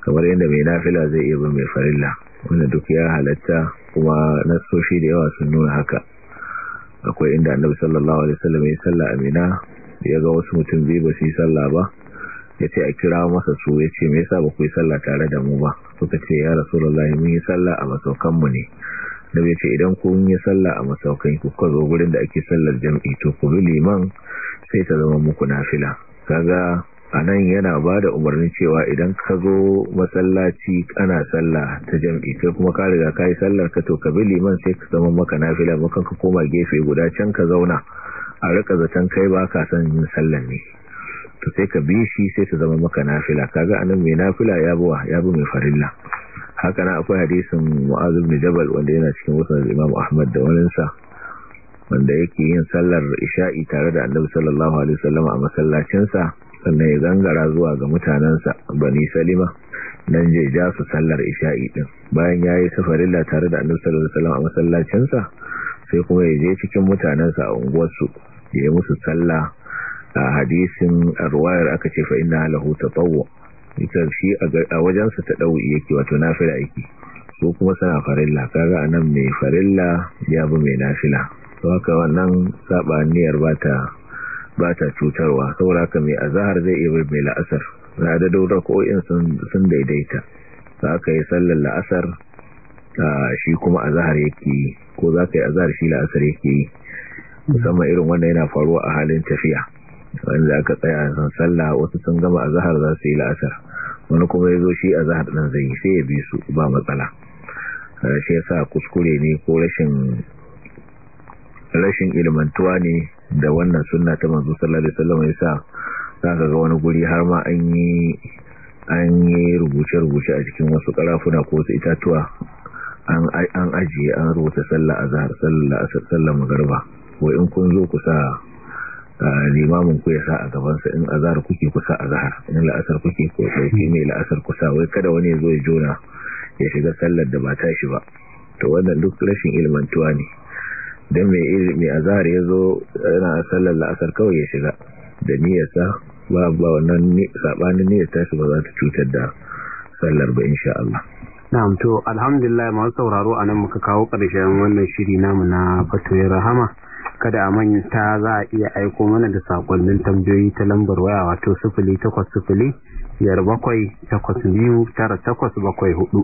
kamar yadda mai nafila zai iya bin mai farilla wanda duk ya halatta kuma na nasoshi da yawa sun nuna haka akwai inda annabi sallallahu alaihi wasallam ya salla amina ya ga wasu mutum biyu ba su yi salla ba ya ce a kira masa su ya ce me yasa ba ku yi salla tare da mu ba suka ce ya rasulullahi mun yi salla a masaukan mu ne da bai ce idan kun yi sallah a masaukan kuka zo gurin da ake sallar jam'i to ku liman sai ta zama muku nafila kaga anan yana ba da umarnin cewa idan ka zo masallaci ana sallah ta jam'i kai kuma ka riga ka sallar ka to ka bi liman sai ka zama maka nafila maka ka koma gefe guda can ka zauna a rika zaton kai ba ka san yin sallar ne to sai ka bi shi sai ta zama maka nafila kaga anan mai nafila ya buwa ya bi mai farilla haka na akwai hadisin mu'azib bin jabal wanda yana cikin wasan imam ahmad da waninsa wanda yake yin sallar isha'i tare da annabi sallallahu alaihi wasallam a masallacinsa sannan ya gangara zuwa ga mutanensa bani salima nan je ja su sallar isha'i din bayan yayi safarilla tare da annabi sallallahu alaihi wasallam a masallacinsa sai kuma ya je cikin mutanensa a unguwarsu da ya musu salla a hadisin arwayar aka ce fa inna lahu tatawwu ita shi a wajen sa ta dau yake wato nafila yake su kuma suna farilla kaga anan mai farilla ya bi mai nafila don haka wannan sabaniyar ba ba ta cutarwa saboda haka mai azahar zai iya mai la'asar na da ko in sun daidaita za ka yi sallar la'asar shi kuma yake ko za ka yi azahar shi la'asar yake yi musamman irin wanda yana faruwa a halin tafiya wanda aka tsaya san sallah wasu sun gama azahar za su yi la'asar wani kuma ya zo shi azahar ɗin zai sai ya bi su ba matsala shi yasa kuskure ne ko rashin rashin ilmantuwa ne da wannan sunna ta manzo sallallahu alaihi wasallam yasa zaka ga wani guri har ma an yi an yi rubuce-rubuce a cikin wasu karafuna ko wasu itatuwa an ajiye an rubuta sallah azhar sallah asr sallah magriba ko in kun zo ku sa limamin ku ya sa a gabansa in azhar kuke kusa azhar in la'asar kuke ko dauki mai la'asar kusa wai kada wani ya zo ya jona ya shiga sallar da ba tashi ba to wannan duk rashin ilmantuwa ne don mai azahar ya zo yana sallar la'asar kawai ya shiga da niyarsa ba ba wannan saɓanin niyarsa tashi ba za ta cutar da sallar ba insha Allah na'am to alhamdulillah masu sauraro a nan muka kawo ƙarshen wannan shiri namu na fatoyin rahama kada a manta za a iya aiko mana da sakonnin tambayoyi ta lambar waya wato sifili takwas sifili biyar bakwai takwas biyu tara takwas bakwai hudu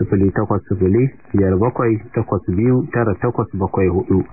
sifili takwas sifili biyar bakwai takwas biyu tara takwas bakwai hudu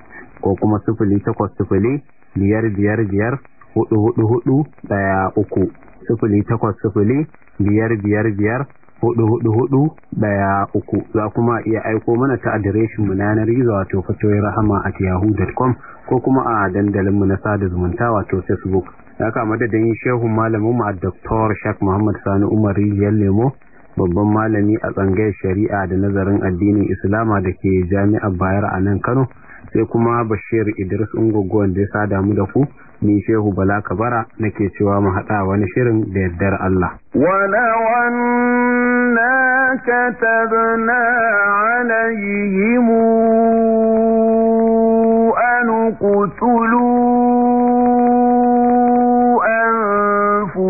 ko kuma sifili takwas sifili biyar biyar biyar hudu hudu hudu daya uku sifili takwas sifili biyar biyar biyar hudu hudu hudu daya uku za kuma iya aiko mana ta adireshin mu na yanar gizo a tofatoyin rahama a yahoo.com ko kuma a dandalin mu na sada zumunta wato facebook ya kama da dan shehu malamin ma dr shak muhammad sani umar riyal lemo babban malami a tsangayar shari'a da nazarin addinin islama da ke jami'ar bayar a nan kano sai kuma bashir idris ungogon da ya sa damu da ku ni shehu bala kabara nake cewa mu haɗa wani shirin da yardar allah كتبنا عليهم أن قتلوا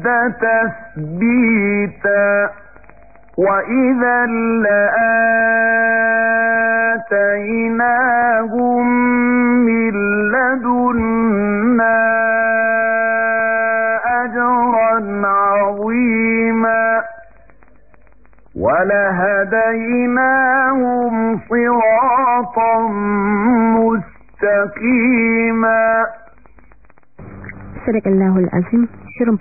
الأرض تثبيتا وإذا لآتيناهم من لدنا أجرا عظيما ولهديناهم صراطا مستقيما صدق الله العظيم